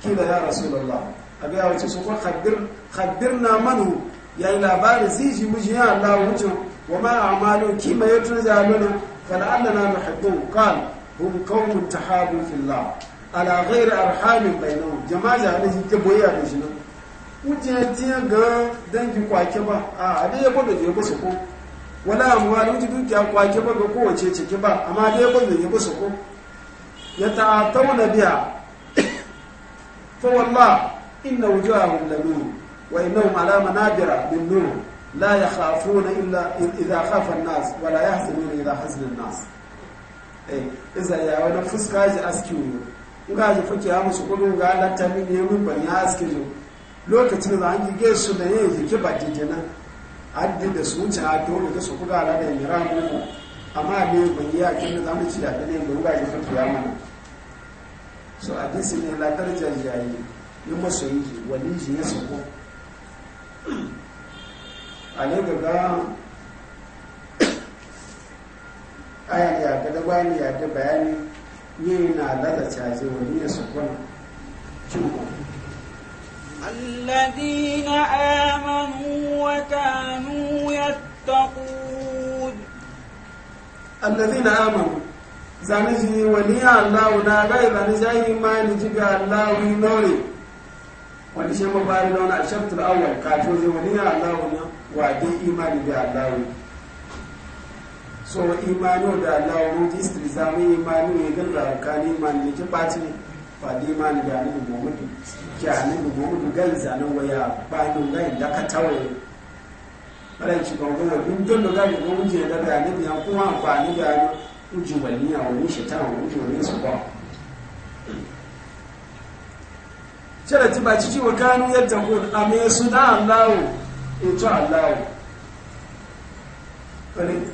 kila ya rasulullah abi ya wuce su kwa khabbir khabbirna manhu ya yi labarin ziji miji ya Allah wuce wa ma a'malu kima yatun zaluna fa na nuhibbu qal hum qawmun tahabu fillah ala ghairu arhamin bainahum jama'a da shi ke boyya da shi wuce tiyan ga dangi kwake ba a abin ya gwada ya gusa ko wala amuwa da wuce dukiya kwake ba ga kowace cike ba amma dai ya gwada ya gusa ko ya ta'atau na biya fa wallah inna wujuhahum lamin wa innahum ala manabira min nur la yakhafuna illa idha khafa an-nas wa la yahzanuna idha hazana an-nas eh iza ya wani fuska ji nga ji fuke ya musu kudu ga latta min ne mun ban ya aske zo lokacin da an gige su da yin jiki ba jijina addi da su wuce a dole da su kuga ala da yira mu amma ne ban yi akin da zamu ci da ne da nga ji fuke ya mana so hadisi ne la tarja jayi yi masu yi wani ji ya ko ale ga ga aya ya da bayani ya da bayani ينا لدى تاجي ولي سكون الذين آمنوا وكانوا يتقون الذين آمنوا zaniji waliya Allah na gai zaniji ayi imani jiga Allah wi nore wani shi mabari da wani ashabtul awwal ka to zai waliya Allah na wa dai imani bi Allah so imanu da Allah wani jistri zamu imanu ya galla kani imanu ne ki bati ne fadi imanu da ni Muhammadu ki ani Muhammadu gal zanan waya ba ni ngai da ka tawaye balan ci gongo na da ni gongo je da da ni ya kuma amfani da ni uji wani a wani su ba ti ba wa kanu a me su da Allah e, Allah wani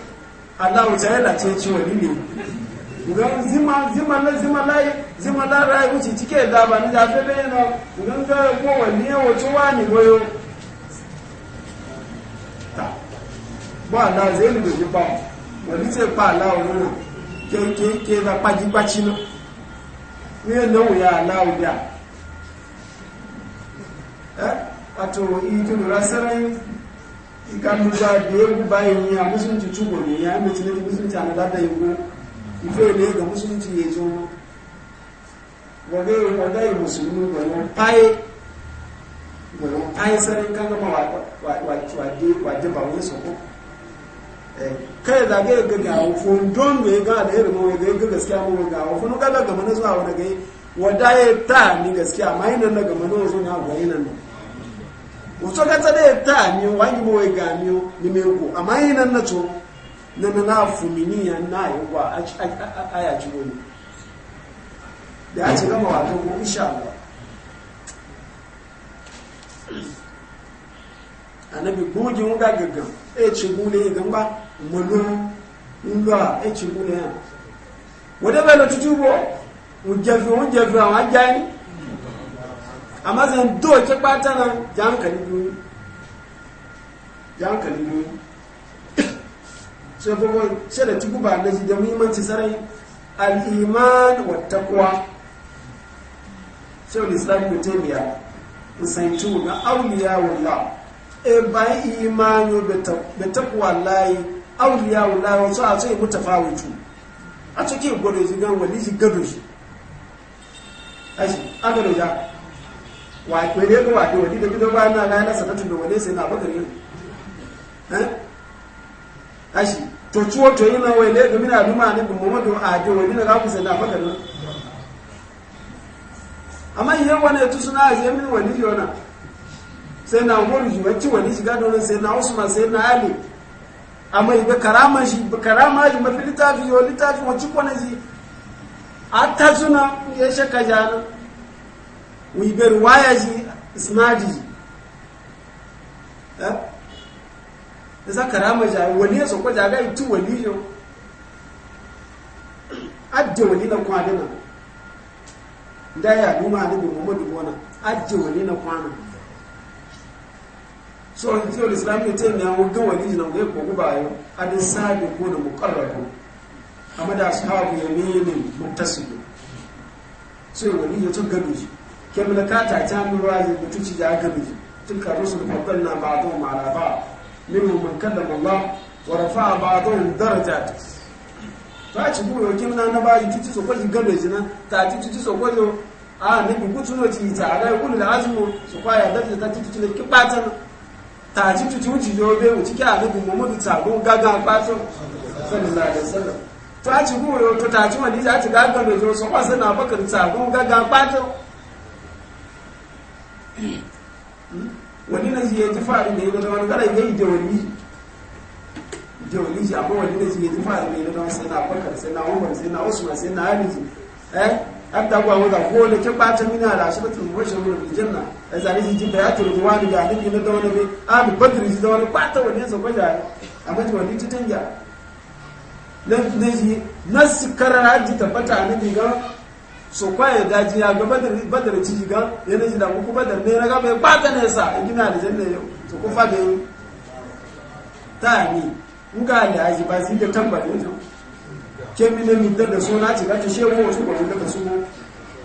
Allah ta yi lace ciwo ne ugan zima zima la zima la zima la rai wuce cike da ba ni da febe yana ugan ga ko wani ya wato wani goyo ta ba la zai ni ba ce pa la wani ke ke ke da paji pachi no no ya u kanu za da ya bu bayan ya musulunci tubo ne ya amince ne musulunci a nada da yi ko ife ne eh, ga musulunci ya zo wagayi wagayi musulmi gwayon paye gwayon paye sarin kan gama wade ba wani soko kai da ga ga ga fondon ne ga da irin mawai ga ga gaskiya mawai ga wa funu ga ga gama na zuwa wani gai wadaye ta ni gaskiya ma yi nan na gama na wazo na gwayi nan nan utsokatsa de tamiu wangi mowe gamiu nimeku amaina nacho nana nafuminia nayo kwa aya chiboni da ace kama wato ko insha Allah anabi buji mun ga gaggan e chibule gamba mulu ngwa e chibule ya wadaba lo tutubo mujafi mujafi awajani amma zan doke ɓata nan ja hankali biyu ja hankali biyu sai kuma shi da tuku ba da ji da muhimmanci sarai al'iman wa takwa sai wani islam ko taimiya musanci na auliya wula e bayan imanu da takwa layi auliya wula wasu a tsaye mutafawutu a cikin gwado zigan wani shi gado shi aka ya. wa kwere ko wa kwere da gidan ba na na sanatun da wale sai na bakari eh ashi to tuwo to yana wale ga mina duma ne ga Muhammadu a ji wani na ku sai na bakari amma yan wani tu suna a min wani jona sai na gori ji wacce wani shiga don sai na Usman sai na Ali amma ibe karama shi karama shi mafi littafi wani littafi wacce kwana ji a ta ya shakka jana wiber waya ji isnadi ji da za ka rama jayi wani ya sokwa jaga itu wani yau ajiye wani na kwanan da ya numa ne bi muhammadu na ajiye wani na kwanan so in fiye da islamu ya taimaya wajen wani ji na wani kogu yau adin sabi ko da mukarrabu amma da ne yaminin mutasibu so wani ya tun gado shi ke kemla ka ta ta min razi da tuci da aka biji tilka rusul fadalna ba'dhum ala ba'd minhum man kallama Allah wa rafa ba don daraja ta ci buru kemla na ba ci ci so ko ga gado jina ta ci ci so ko yo a ne bi kutu no ci ta ga kullu da azmu so ya da ta ci ci ne ki batan ta ci ci tuci wuci yo be wuci ki mu mu ta go ga ga ba so sallallahu alaihi wasallam ta ci buru to ta ci madi ta ci ga gado so sai na bakar ta go ga ga ba batan wani na shi ya ji da yi wata wani kada ya yi jawali jawali shi amma wani na shi ya ji da yi wata wani sana na bakar sai umar sana na usman sai na aliji eh hatta kuwa wuza ko da ke bata mina da shi batun rashin ruwa da janna a zare ji jinka ya turu ruwa da gani ne da wani bai a mu badri da wani bata wani sa kwaja amma ji wani titanja na ne shi nasu karara ji tabbata a nan ga so kwaye daji ya ga badar badar ci ga yana ji da badar ne raga bai kwata ne sa gina da janna yau so ku fa bai ta ni muka da aji ba sai da tambari wato ke mi ne mi da da na ci ga ta shebo wato ba da su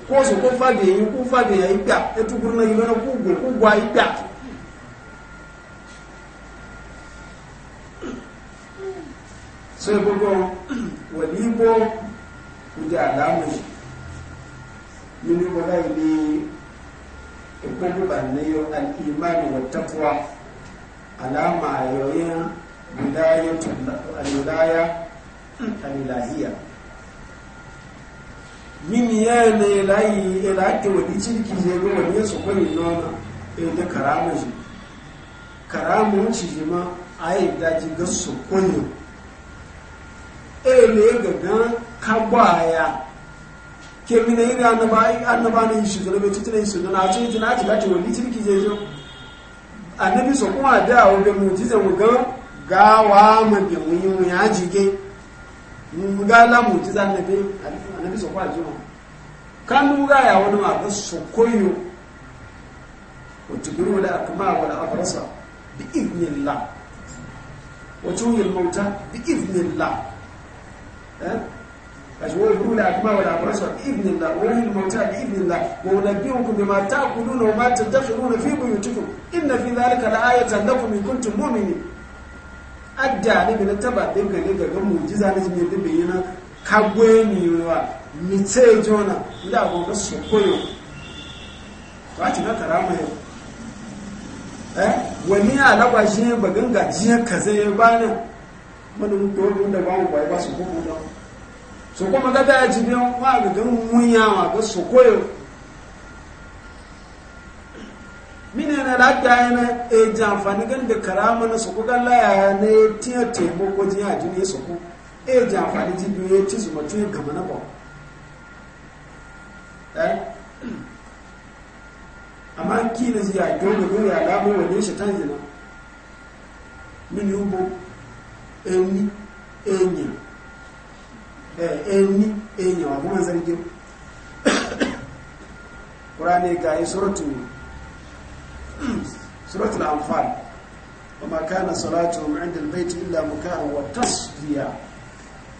ko so ku fa yi ku fa bai yayi da ta tukurna yi na ku go ku gwa yi da so gogo walibo ku da alamu minu wala ile ikogu banneyo al imani wa taqwa alama yoyin bidayatu al wilaya al ilahiyya min yana ilahi ilaki wa dicirki je ga wani su kwani nona in da karama shi karamun shi jima ayi daji ga su kwani ele ga ga kabaya ke mina yi ga annabai annabanin shi zo na titin na na ce tin aji wani tilki je zo annabi so kuma da o be mujiza mu ga ga wa mu be jige mu ga la mujiza annabi annabi so kwa ji mu kan mu ga ya wani ma ga so koyo wa tubiru la akma wa la bi idnillah wa kashiwar nuna kuma wa labarashin ibnin da wani ilmauta da ibnin da ma wuna biyu kuma ma ta ku nuna ma ta dafi nuna fi mu yutufu inna fi zalika da ayatan da kuma kuntun mumini adda ne bi na taba dinka ne ga gamu jiza na jimin dinka yi na kagwe mi yi wa mice jona da abu ka su koyo ba ci na kara mai eh wani ya alaba shi ba ganga jiya ka zai ba ne manin dole da ba mu ba sokɔ ma gata ya jibi wọn wọn agaga nwun ya wọn aga sokɔ yau mini na da aka yana na eji amfani gani da karama na sokɔ ga laya na ya tiya taimako ko jiya jini ya sokɔ eji amfani jibi ya ci su mutu ya gama na ba amma ki na jiya dole dole ya gabo wani shaitan jina mini ubo enyi enyi eni eh, eh, enyawa eh, kuma zargi ƙurane ga yi suratun amfani wa makana salatu wa ma'adar baiti illa mukawa wa tasiriya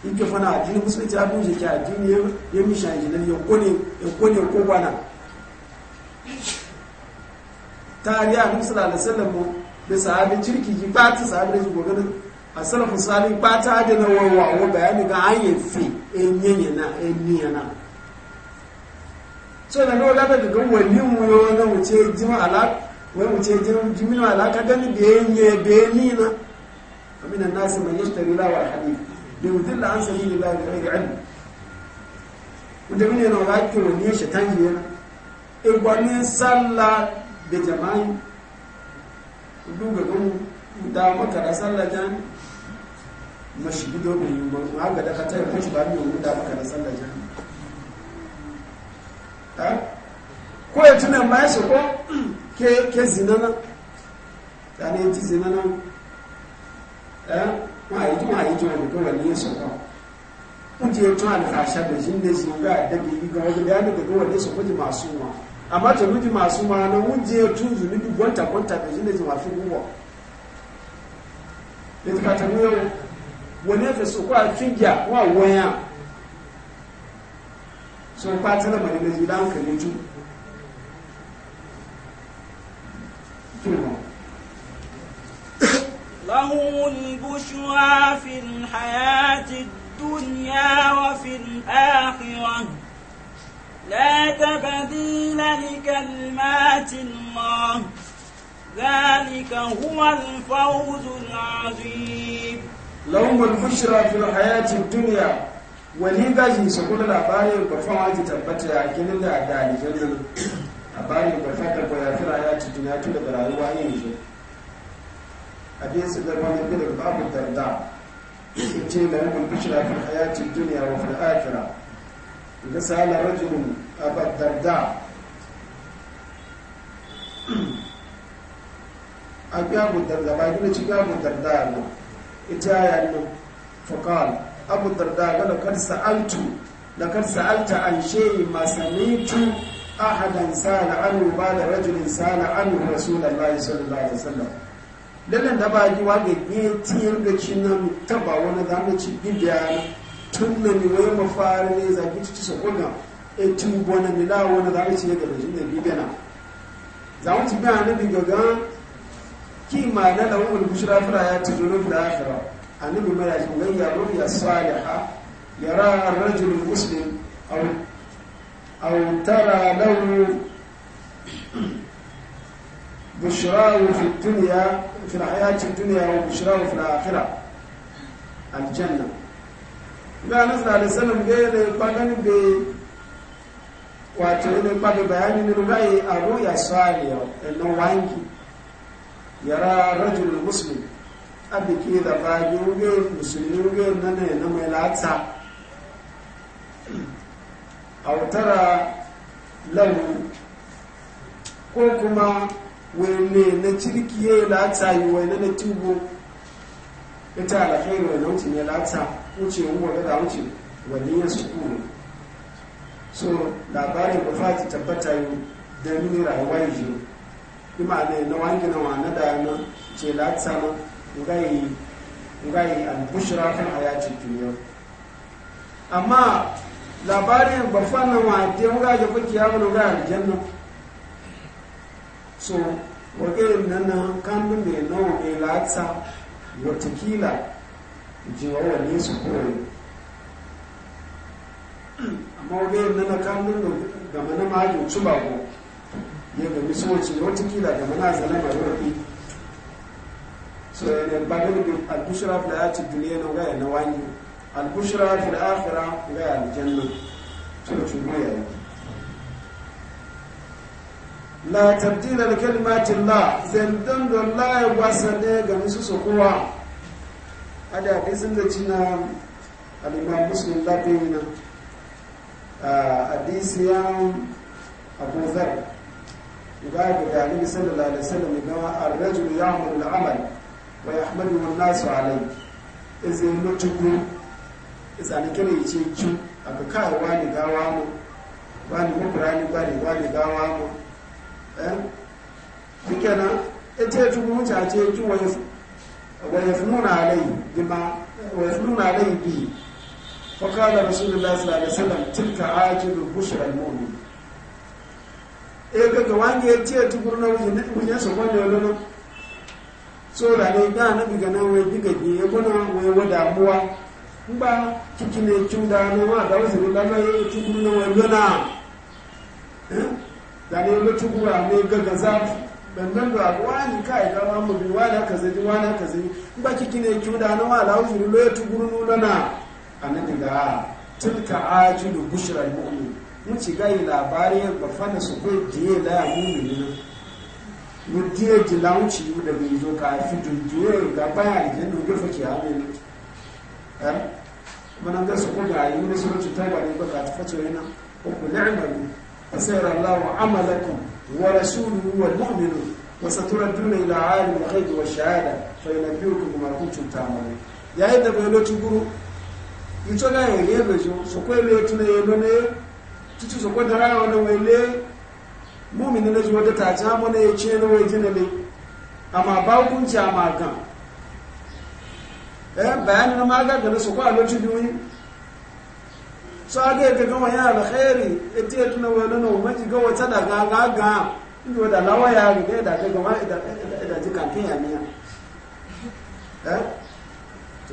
inke fana a jini musulci abin jiki a jini ya misha jinin ya kone ya kone kogwana tariya musulala salamu da sahabin jirki ji ba ta sahabin jirki asalafu sali pata da na wawa wa bayani ga hanyar yi fi enyenye na enyenye na so na ga wadata daga wani wuyo na wuce jima alaƙa, wani wuce jimina alaƙa gani da ya beni na aminan an mai yashi yashtari lawa hadith da mutum da an sami lila da ɗari ilmi wanda mini yana wadatar ake wani shaitan yi yana igwani sallah da jama'i duga gudu da makara sallah jami'i mashigu dogon yi ma hanga da katar kuci ba mai wuda maka na sallar jami'a ko ya tunan bayan ya ko ke zinana ta ne ti zinana ma a yi jima a yi jima da gawar ne su ko kun je tun alfasha da shi ne su ga da ke yi gawar da ya daga gawar ne su kuji masu ma amma ta kuji masu ma na kun je tun zunubi gwanta gwanta da shi ne zin wafi guwa. Ita ka ta nuna wọn yẹn fẹ sọkọ àfijà wọn àwọn yẹn a sọ pa tẹlẹ mọ nígbà yìí láǹkà ní ju tó lọhùn bùṣù àfin hayati dunya wa fin àkìwà látàbàdì láti kàlímà ti mọ zanika huwa alfawuzu na zuyi. lahum al-bushra fil hayati dunya wani gaji su kula labarin bafan waje tabbata ya ginin da da aljanna labarin bafan da baya fil hayati dunya tun da rayuwa yin shi abin su da wani bin babu darda ce lahum al-bushra fil hayati duniya wa fil akhirah ga sala rajulun abad darda abu darda ba gina ci abu darda ne ita ya nan faƙal abu darda ga lakar sa'altu lakar sa'alta an shayi masanitu ahadan sa'ala an ba da rajulin sa'ala an rasulullahi sallallahu alaihi wasallam dallan da ba ji wa ga ne tiyar da ci nan taba wani zamu ci bibiya tun nan ne wai mafari ne zaki ci su kunna e tun bona ne wani zamu ci ga rajulin bibiya na zamu ci ba ne bigaga ki ma na lahumul bushra ya hayati dunya fil akhirah annabi mai ya shiga ya ya salihah yara ar-rajul muslim aw aw tara lahu بشراه في الدنيا في الحياة الدنيا وبشراه في الآخرة الجنة ga nan da alisalam ga yadda ya kwanan da wato ne ya kwanan bayani ne rugaye a ruya swariya ɗannan wangi yara rajul muslim abiki da bagi wuge musulmi wuge nane na mai latsa a autara lauru ko kuma wani na cirki ya latsa yi wani na tubo ita alakai wani wuce ne latsa wuce wani da wuce wani ya sukuru so labarin ba fati tabbata yi da mini rayuwa yi imane na wangi na wana da na ce latsana ngai ngai al-bushra kan hayati duniya amma labarin babban na wate muga ga kuki ya ga aljanna so wage nan na kan dun da no e latsa watakila wa wani su kore amma wage nan na kan da gama ma ju tuba ko ya ga wata kila da mana zanen mai wani so yana ba da albushra fil ayati dunya no ga na wani albushra fil akhirah ga ya aljanna so tuma ya la tabdila li kalimati allah zandan do la ya ne ga musu su kowa ada sun da cina al-imam muslim da na. a ah, hadisi ya abu zarr ga ga annabi sallallahu alaihi wasallam ga ar-rajulu ya'malu al-amal wa yahmaduhu an-nasu alayhi izai mutuku izani kene yace ki aka kai wani gawa mu wani mukurani bari wani gawa mu eh dikena ete tuku mutace ki wani wani fumuna alayhi bima wani fumuna alayhi bi فقال رسول الله صلى الله عليه وسلم ega ga wange ya ce na wujen wujen su wani da ne ga na biga na wai biga gi ya bana wai wada muwa ba kiki ne kin da na ma da wasu ne daga ya tukuru na wai lona eh? da ne lo tukuru ne ga gaza bandan da wani kai ga ba kiki ne da na ma wasu ne na tilka mumin wuce gayi labari ga fana su kai jiye da ya mumini na mudiye ji lauci da bai zo ka fi dunduye ga baya da nan ga fake hame ne eh mana ga su kuma yi ne su rubuta ba ne ba ta fato yana ko ku ni'malu asayra Allahu Allah wa rasuluhu wal mu'minun wa saturaduna ila alim al-ghaib wa shahada fa yunabbiukum bima kuntum ta'malun yayin da bai lotu guru ito ga yele bejo so ko lotu ne yelo ne títí sọ pẹ́ta rárá ọ̀nà wọ ilé múmi ta tí wọ́n dé tààtí àmọ́ ce ne ẹni wọ́n ne nílé àmà bá kún tí àmà gàn ẹ̀ bàá nínú máa gàgà lọ sọ̀kọ́ àlójú bí wọ́n sọ agé ẹ̀kẹ́ kan wọ́n yẹn àlọ́kẹ́rì etí ẹ̀tún náà wọ́n lọ́nà òmẹ́jì gọ́wọ́ tádà gàgàgàn níbi wọ́n dà láwọ́ ya rì bẹ́ẹ̀ da gan wọ́n ìdàjì kàkíyàn ni ẹ̀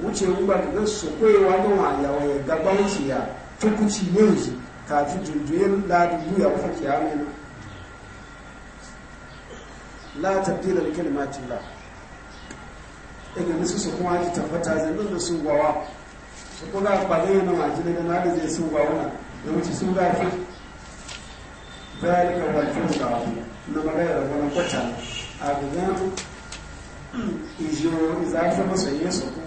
wuce ruwa da zai su koyewa wani wani ya gaba wuce ya tukuci ne kafin juljuyin ladin buya ba fake ya mena la tabdila da kalimatin la nisu su kuma ake tabbata zanen da sun gwawa su kuma ɓare na yana da na da zai sun gwawa na da wuce sun gafi bayanika wajen gawa na magana da wani kwata a gudan ijiyo za a zama su ku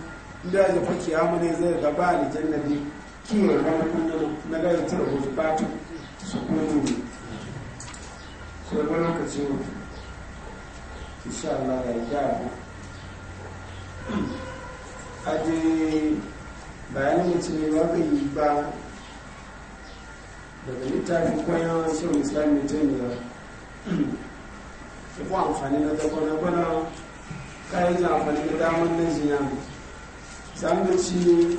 inda ya fake kiyamu ne zai gaba a jannabi kiwo na kullum na ga ita da wasu batu su kullum sai ba lokaci ne insha Allah ya ga aje bayanin da cewa ba ka yi ba daga littafin kwaya shi islami taimiya ta kuwa amfani na dabana-bana kayan amfani da damar na jiya zamanci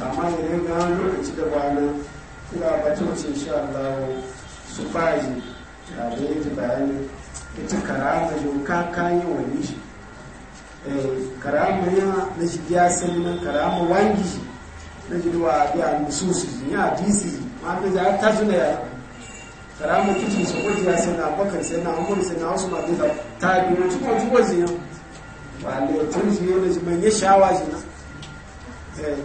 amma idan ga lokaci da bana ina batun ce Allah su faji da da yi bayani ita karama yau ka kayi wani shi eh, karama ya na shi biya san nan karama wangi shi na wa duwa biya mususu shi ya disi ma ta ja ta zuna ya karama kici su ko ya san abakar sai na amur sai na wasu ma da ta bi mutu ko tuwa ziyan ba le tun shi ne ji man ya shawa shi na eh.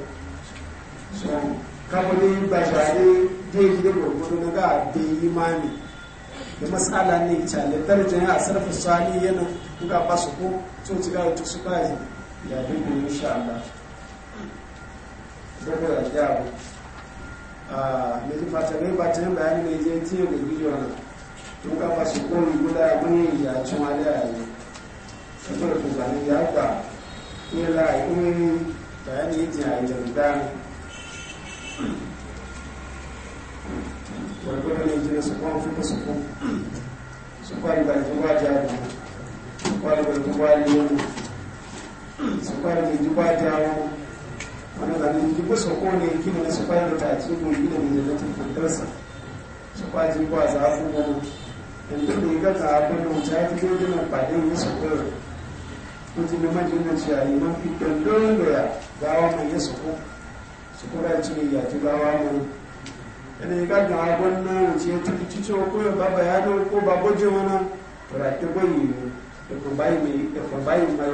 kamar ba share dai da gurgudu na ga bai imani da matsala ne cale darajar ya sarfa sani yana kuka ba su ko so ci gawa ta su kaji ya bi mu insha Allah daga da ya jawo a me ji fata ne ba ta tan bayani ne je tiye da bidiyo na ka ba su ko ni guda mun ya ci ma da yayi saboda ku da ya ga ni la ni bayani ji a da gwargwadon jini su kwan fita su kwan su kwari ba ji ba jawo su kwari ba ji ba lewu su kwari ba ba jawo wani zanen ji ba su kone kima na su kwari da taci gun gina mai jannatin fitarsa su kwaji ba za a fi gano yanzu da ya gaza abin da wuce ya fi jirgin nan ba ɗin ya su kwari mutum da majin na ciyayi mafi dandon da ya gawa mai ya su shekara cikin yaki gawa ne ẹni ká gan agbọ́n náà ti ẹ títí títí okó yóò bá bàyá ló kó bá bójú wọn náà tọ́ra ẹgbẹ́ yìí ni ẹ̀kọ́ báyìí ẹ̀kọ́ báyìí máa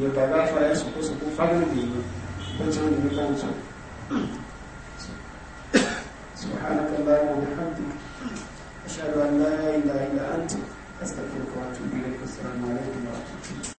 yẹ fara ẹ̀ sọ̀kó sọ̀kó fábílì yìí bó ti wọn ní ká سبحانك اللهم وبحمدك أشهد أن لا إله إلا أنت أستغفرك وأتوب إليك السلام عليكم ورحمة الله